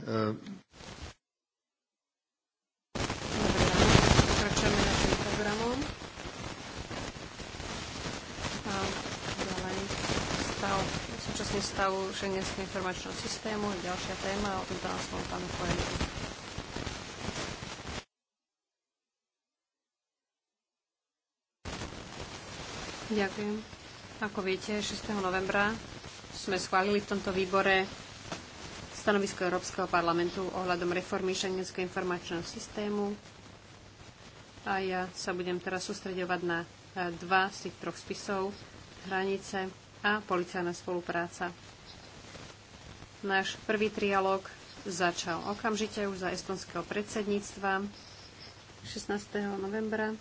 Dobre pokračujeme našim programom. A ďalej stav, súčasný stav šengenského informačného systému, ďalšia téma, o tom dám slovo pánu Koeliovi. Ďakujem. Ako viete, 6. novembra sme schválili v tomto výbore stanovisko Európskeho parlamentu ohľadom reformy šengenského informačného systému. A ja sa budem teraz sústredovať na eh, dva z tých troch spisov, hranice a policajná spolupráca. Náš prvý trialog začal okamžite už za estonského predsedníctva 16. novembra.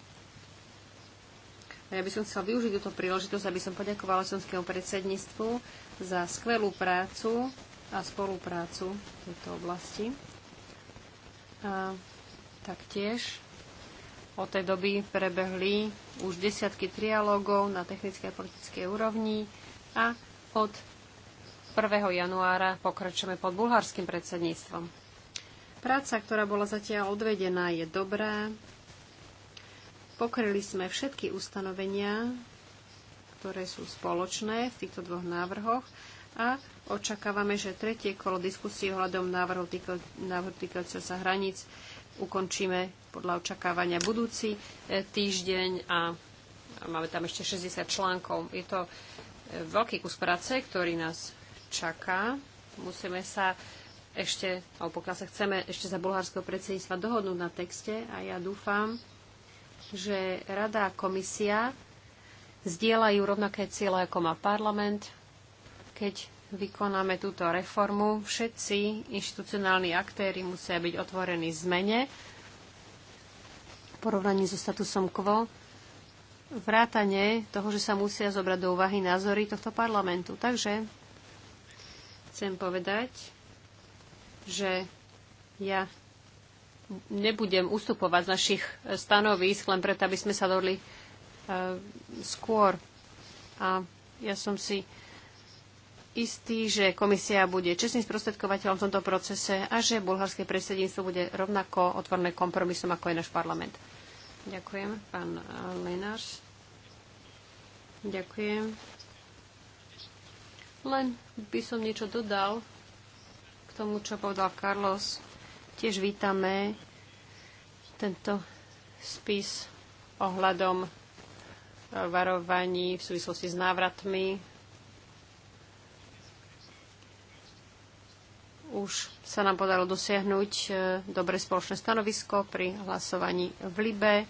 A ja by som chcela využiť túto príležitosť, aby som poďakovala estonskému predsedníctvu za skvelú prácu a spoluprácu v tejto oblasti. A taktiež od tej doby prebehli už desiatky trialógov na technickej a politickej úrovni a od 1. januára pokračujeme pod bulharským predsedníctvom. Práca, ktorá bola zatiaľ odvedená, je dobrá. Pokryli sme všetky ustanovenia, ktoré sú spoločné v týchto dvoch návrhoch a očakávame, že tretie kolo diskusie ohľadom návrhu, týka, týkajúceho sa hraníc ukončíme podľa očakávania budúci e, týždeň a máme tam ešte 60 článkov. Je to e, veľký kus práce, ktorý nás čaká. Musíme sa ešte, alebo pokiaľ sa chceme ešte za bulharského predsedníctva dohodnúť na texte a ja dúfam, že Rada a komisia zdieľajú rovnaké cieľe, ako má parlament, keď vykonáme túto reformu, všetci inštitucionálni aktéry musia byť otvorení zmene v porovnaní so statusom quo, vrátane toho, že sa musia zobrať do úvahy názory tohto parlamentu. Takže chcem povedať, že ja nebudem ustupovať z našich stanovísk, len preto, aby sme sa dohodli uh, skôr. A ja som si istý, že komisia bude čestným sprostredkovateľom v tomto procese a že bulharské predsedníctvo bude rovnako otvorené kompromisom, ako je náš parlament. Ďakujem, pán eh, Lenáš. Ďakujem. Len by som niečo dodal k tomu, čo povedal Carlos. Tiež vítame tento spis ohľadom varovaní v súvislosti s návratmi už sa nám podarilo dosiahnuť e, dobre spoločné stanovisko pri hlasovaní v Libe,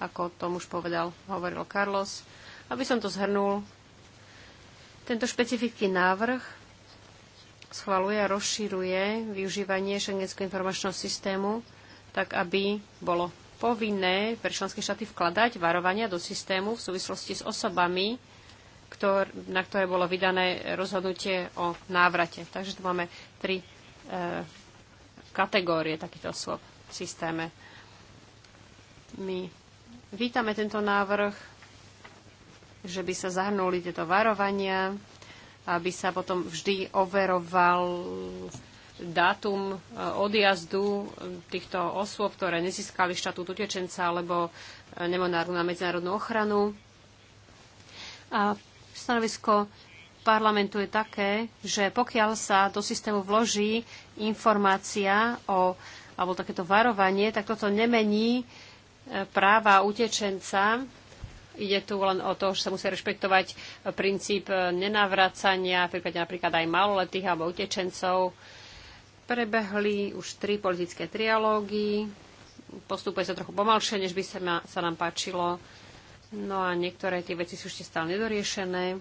ako tom už povedal, hovoril Carlos. Aby som to zhrnul, tento špecifický návrh schvaluje a rozširuje využívanie šengenského informačného systému tak, aby bolo povinné pre členské štáty vkladať varovania do systému v súvislosti s osobami, ktor, na ktoré bolo vydané rozhodnutie o návrate. Takže tu máme tri e, kategórie takýchto osôb v systéme. My vítame tento návrh, že by sa zahrnuli tieto varovania, aby sa potom vždy overoval dátum e, odjazdu e, týchto osôb, ktoré nezískali štatút utečenca alebo e, nemonárnu na medzinárodnú ochranu. A Stanovisko parlamentu je také, že pokiaľ sa do systému vloží informácia o, alebo takéto varovanie, tak toto nemení e, práva utečenca. Ide tu len o to, že sa musí rešpektovať e, princíp e, nenavracania, prípade napríklad aj maloletých alebo utečencov. Prebehli už tri politické trialógy. Postupuje sa trochu pomalšie, než by sa, ma, sa nám páčilo. No a niektoré tie veci sú ešte stále nedoriešené,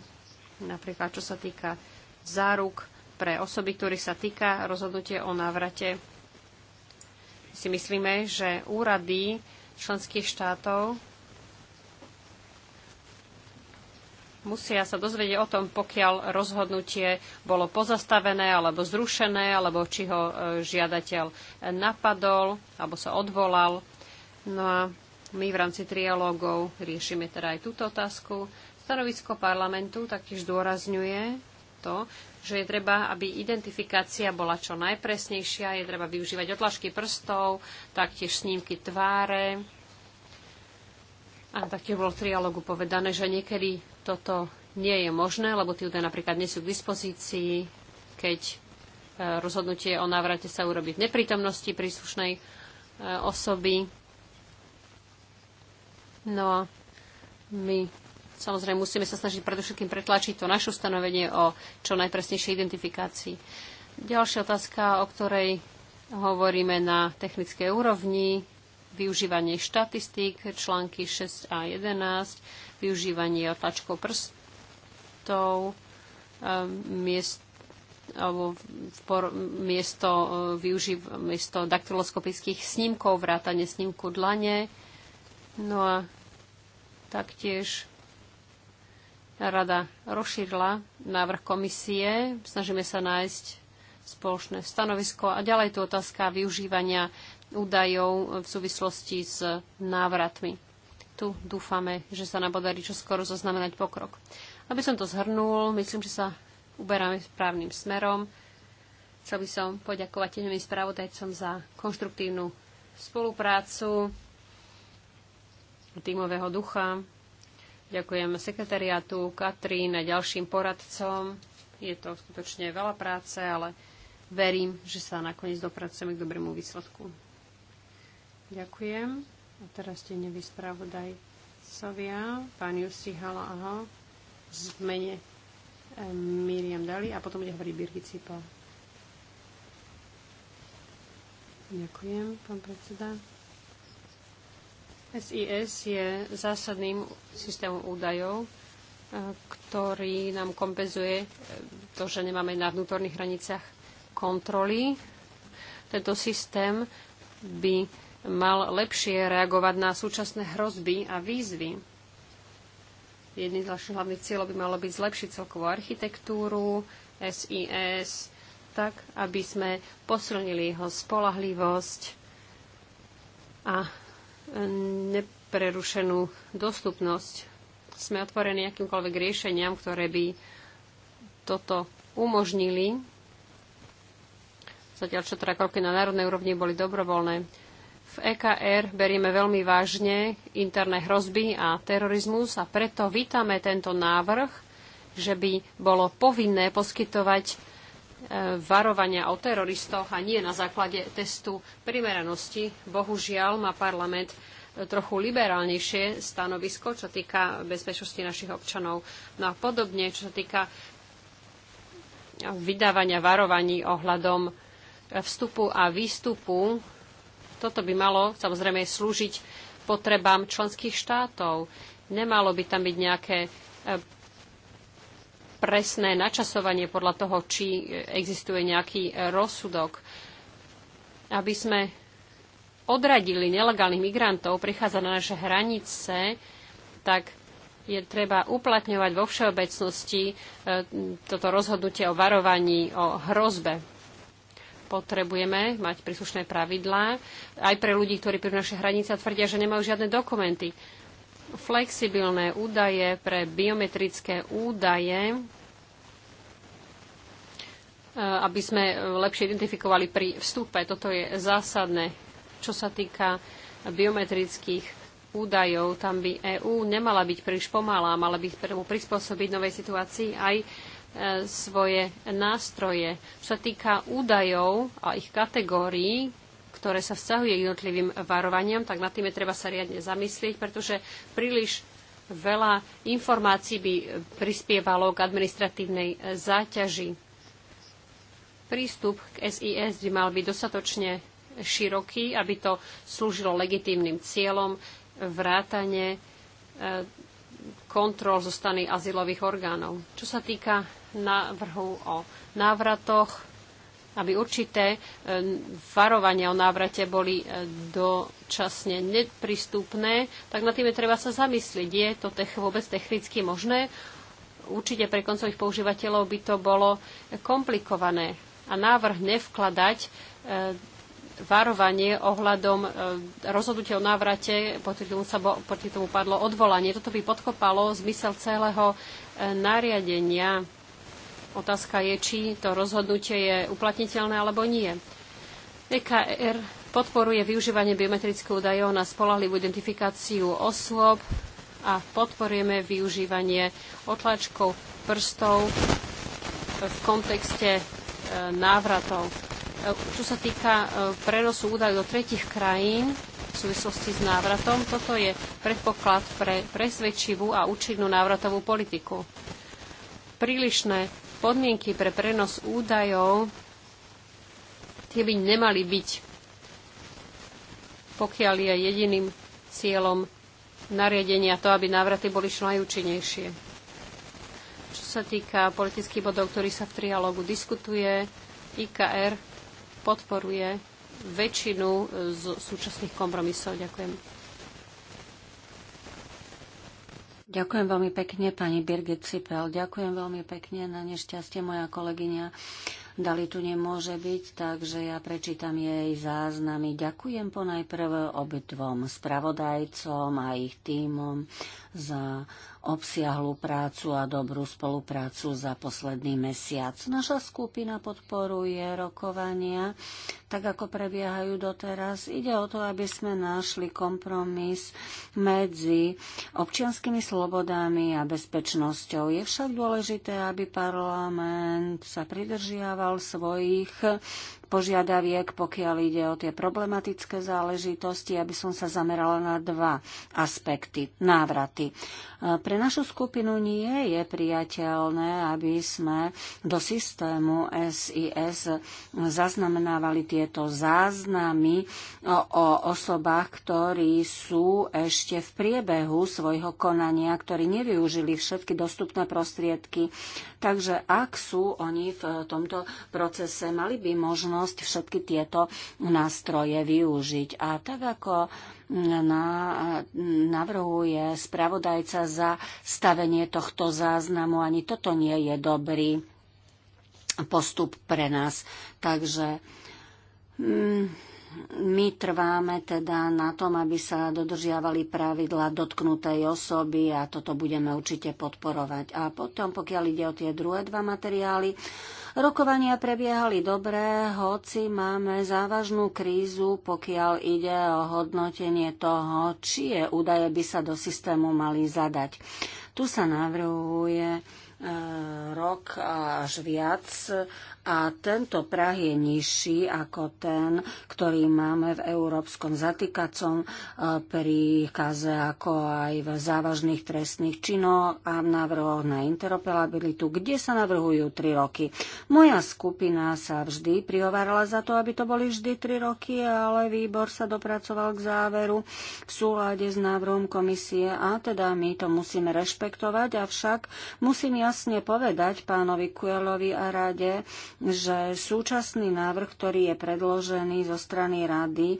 napríklad čo sa týka záruk pre osoby, ktorých sa týka rozhodnutie o návrate. My si myslíme, že úrady členských štátov musia sa dozvedieť o tom, pokiaľ rozhodnutie bolo pozastavené alebo zrušené, alebo či ho e, žiadateľ napadol alebo sa odvolal. No a my v rámci trialógov riešime teda aj túto otázku. Stanovisko parlamentu taktiež dôrazňuje to, že je treba, aby identifikácia bola čo najpresnejšia, je treba využívať odlažky prstov, taktiež snímky tváre. A taktiež bolo v trialógu povedané, že niekedy toto nie je možné, lebo tí údaje napríklad nie sú k dispozícii, keď e, rozhodnutie o návrate sa urobí v neprítomnosti príslušnej e, osoby. No a my samozrejme musíme sa snažiť predovšetkým pretlačiť to naše ustanovenie o čo najpresnejšej identifikácii. Ďalšia otázka, o ktorej hovoríme na technickej úrovni, využívanie štatistík, články 6 a 11, využívanie otlačkov prstov, ehm, miest, alebo por, miesto, e, využív, miesto daktyloskopických snímkov, vrátanie snímku dlane, No a taktiež rada rozšírila návrh komisie. Snažíme sa nájsť spoločné stanovisko. A ďalej tu otázka využívania údajov v súvislosti s návratmi. Tu dúfame, že sa nám podarí čoskoro zaznamenať pokrok. Aby som to zhrnul, myslím, že sa uberáme správnym smerom. Chcel by som poďakovať tým spravodajcom za konštruktívnu spoluprácu tímového ducha. Ďakujem sekretariátu, Katrín a ďalším poradcom. Je to skutočne veľa práce, ale verím, že sa nakoniec dopracujeme k dobrému výsledku. Ďakujem. A teraz ste Sovia, pán Jussi Hala, aha, v mene eh, Miriam Dali a potom bude hovoriť Birgit Cipel. Ďakujem, pán predseda. SIS je zásadným systémom údajov, e, ktorý nám kompenzuje e, to, že nemáme na vnútorných hraniciach kontroly. Tento systém by mal lepšie reagovať na súčasné hrozby a výzvy. Jedným z našich hlavných cieľov by malo byť zlepšiť celkovú architektúru SIS, tak aby sme posilnili jeho spolahlivosť a neprerušenú dostupnosť. Sme otvorení akýmkoľvek riešeniam, ktoré by toto umožnili. Zatiaľ, čo teda kroky na národnej úrovni boli dobrovoľné. V EKR berieme veľmi vážne interné hrozby a terorizmus a preto vítame tento návrh, že by bolo povinné poskytovať varovania o teroristoch a nie na základe testu primeranosti. Bohužiaľ má parlament trochu liberálnejšie stanovisko, čo týka bezpečnosti našich občanov. No a podobne, čo sa týka vydávania varovaní ohľadom vstupu a výstupu. Toto by malo samozrejme slúžiť potrebám členských štátov. Nemalo by tam byť nejaké presné načasovanie podľa toho, či existuje nejaký rozsudok, aby sme odradili nelegálnych migrantov prichádzať na naše hranice, tak je treba uplatňovať vo všeobecnosti e, toto rozhodnutie o varovaní, o hrozbe. Potrebujeme mať príslušné pravidlá aj pre ľudí, ktorí pri naše hranice tvrdia, že nemajú žiadne dokumenty flexibilné údaje pre biometrické údaje, e, aby sme lepšie identifikovali pri vstupe. Toto je zásadné. Čo sa týka biometrických údajov, tam by EÚ nemala byť príliš pomalá, mala by prispôsobiť novej situácii aj e, svoje nástroje. Čo sa týka údajov a ich kategórií, ktoré sa vzťahuje k jednotlivým varovaniam, tak nad tým je treba sa riadne zamyslieť, pretože príliš veľa informácií by prispievalo k administratívnej e, záťaži. Prístup k SIS by mal byť dostatočne široký, aby to slúžilo legitímnym cieľom vrátane e, kontrol zo strany azylových orgánov. Čo sa týka návrhu o návratoch, aby určité e, varovania o návrate boli e, dočasne nepristupné, tak na tým je treba sa zamyslieť. Je to tech, vôbec technicky možné? Určite pre koncových používateľov by to bolo komplikované. A návrh nevkladať e, varovanie ohľadom rozhodnutia o návrate, proti tomu, sa bo, proti tomu padlo odvolanie. Toto by podkopalo zmysel celého nariadenia. Otázka je, či to rozhodnutie je uplatniteľné alebo nie. EKR podporuje využívanie biometrických údajov na spolahlivú identifikáciu osôb a podporujeme využívanie otlačkov prstov v kontekste e, návratov. E, čo sa týka e, prenosu údajov do tretich krajín v súvislosti s návratom, toto je predpoklad pre presvedčivú a účinnú návratovú politiku. Prílišné podmienky pre prenos údajov, tie by nemali byť, pokiaľ je jediným cieľom nariadenia to, aby návraty boli čo najúčinnejšie. Čo sa týka politických bodov, ktorý sa v trialógu diskutuje, IKR podporuje väčšinu z súčasných kompromisov. Ďakujem. Ďakujem veľmi pekne, pani Birgit Cipel. Ďakujem veľmi pekne. Na nešťastie moja kolegyňa Dali tu nemôže byť, takže ja prečítam jej záznamy. Ďakujem ponajprv obidvom spravodajcom a ich týmom za obsiahlu prácu a dobrú spoluprácu za posledný mesiac. Naša skupina podporuje rokovania, tak ako prebiehajú doteraz. Ide o to, aby sme našli kompromis medzi občianskými slobodami a bezpečnosťou. Je však dôležité, aby parlament sa pridržiaval svojich požiadaviek, pokiaľ ide o tie problematické záležitosti, aby som sa zamerala na dva aspekty. Návraty. E, pre našu skupinu nie je priateľné, aby sme do systému SIS zaznamenávali tieto záznamy o osobách, ktorí sú ešte v priebehu svojho konania, ktorí nevyužili všetky dostupné prostriedky. Takže ak sú oni v tomto procese, mali by možnosť možnosť všetky tieto nástroje využiť. A tak ako na, navrhuje spravodajca za stavenie tohto záznamu, ani toto nie je dobrý postup pre nás. Takže mm, my trváme teda na tom, aby sa dodržiavali pravidla dotknutej osoby a toto budeme určite podporovať. A potom, pokiaľ ide o tie druhé dva materiály, Rokovania prebiehali dobre, hoci máme závažnú krízu, pokiaľ ide o hodnotenie toho, čie údaje by sa do systému mali zadať. Tu sa navrhuje e, rok až viac a tento prah je nižší ako ten, ktorý máme v európskom zatýkacom e, príkaze, ako aj v závažných trestných činoch a v návrhoch na interoperabilitu, kde sa navrhujú 3 roky. Moja skupina sa vždy prihovárala za to, aby to boli vždy 3 roky, ale výbor sa dopracoval k záveru v súlade s návrhom komisie a teda my to musíme rešpektovať, avšak musím jasne povedať pánovi Kuelovi a rade, že súčasný návrh, ktorý je predložený zo strany rady, e,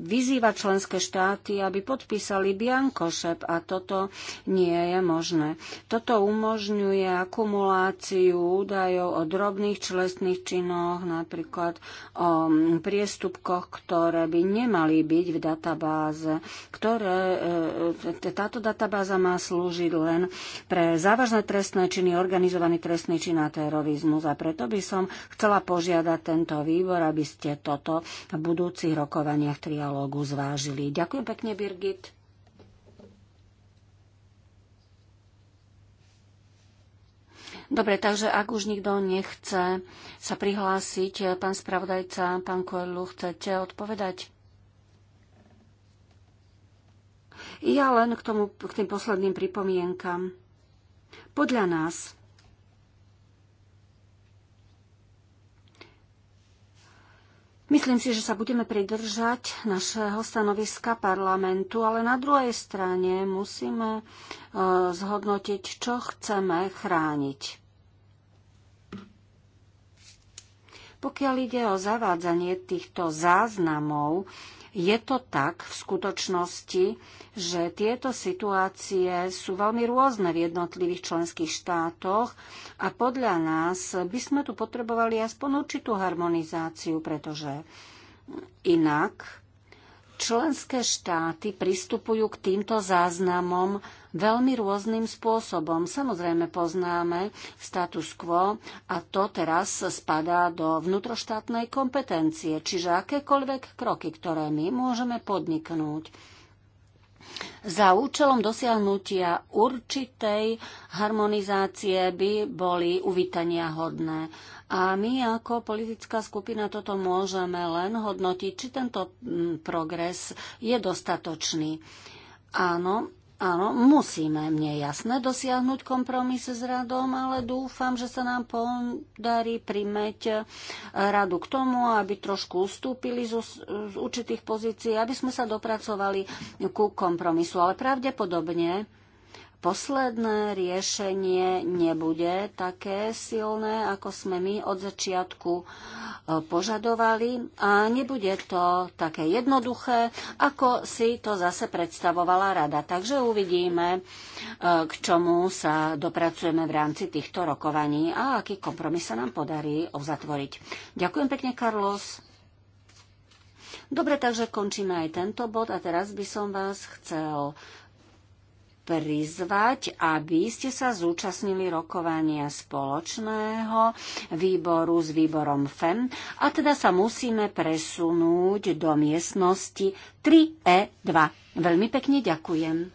vyzýva členské štáty, aby podpísali biankošep a toto nie je možné. Toto umožňuje akumuláciu údajov o drobných člestných činoch, napríklad o priestupkoch, ktoré by nemali byť v databáze, ktoré e, e, táto databáza má slúžiť len pre závažné trestné činy, organizovaný trestný čin a terorizmus. A preto by som chcela požiadať tento výbor, aby ste toto v budúcich rokovaniach trialógu zvážili. Ďakujem pekne, Birgit. Dobre, takže ak už nikto nechce sa prihlásiť, pán spravodajca, pán Koelu, chcete odpovedať? Ja len k, tomu, k tým posledným pripomienkam. Podľa nás Myslím si, že sa budeme pridržať našeho stanoviska parlamentu, ale na druhej strane musíme e, zhodnotiť, čo chceme chrániť. Pokiaľ ide o zavádzanie týchto záznamov, je to tak v skutočnosti, že tieto situácie sú veľmi rôzne v jednotlivých členských štátoch a podľa nás by sme tu potrebovali aspoň určitú harmonizáciu, pretože inak Členské štáty pristupujú k týmto záznamom veľmi rôznym spôsobom. Samozrejme poznáme status quo a to teraz spadá do vnútroštátnej kompetencie, čiže akékoľvek kroky, ktoré my môžeme podniknúť za účelom dosiahnutia určitej harmonizácie by boli uvítania hodné. A my ako politická skupina toto môžeme len hodnotiť, či tento mm, progres je dostatočný. Áno, Áno, musíme, mne jasné, dosiahnuť kompromis s radom, ale dúfam, že sa nám podarí primeť eh, radu k tomu, aby trošku ustúpili z, z určitých pozícií, aby sme sa dopracovali ku kompromisu. Ale pravdepodobne posledné riešenie nebude také silné, ako sme my od začiatku e, požadovali a nebude to také jednoduché, ako si to zase predstavovala rada. Takže uvidíme, e, k čomu sa dopracujeme v rámci týchto rokovaní a aký kompromis sa nám podarí uzatvoriť. Ďakujem pekne, Carlos. Dobre, takže končíme aj tento bod a teraz by som vás chcel prizvať, aby ste sa zúčastnili rokovania spoločného výboru s výborom FEM a teda sa musíme presunúť do miestnosti 3E2. Veľmi pekne ďakujem.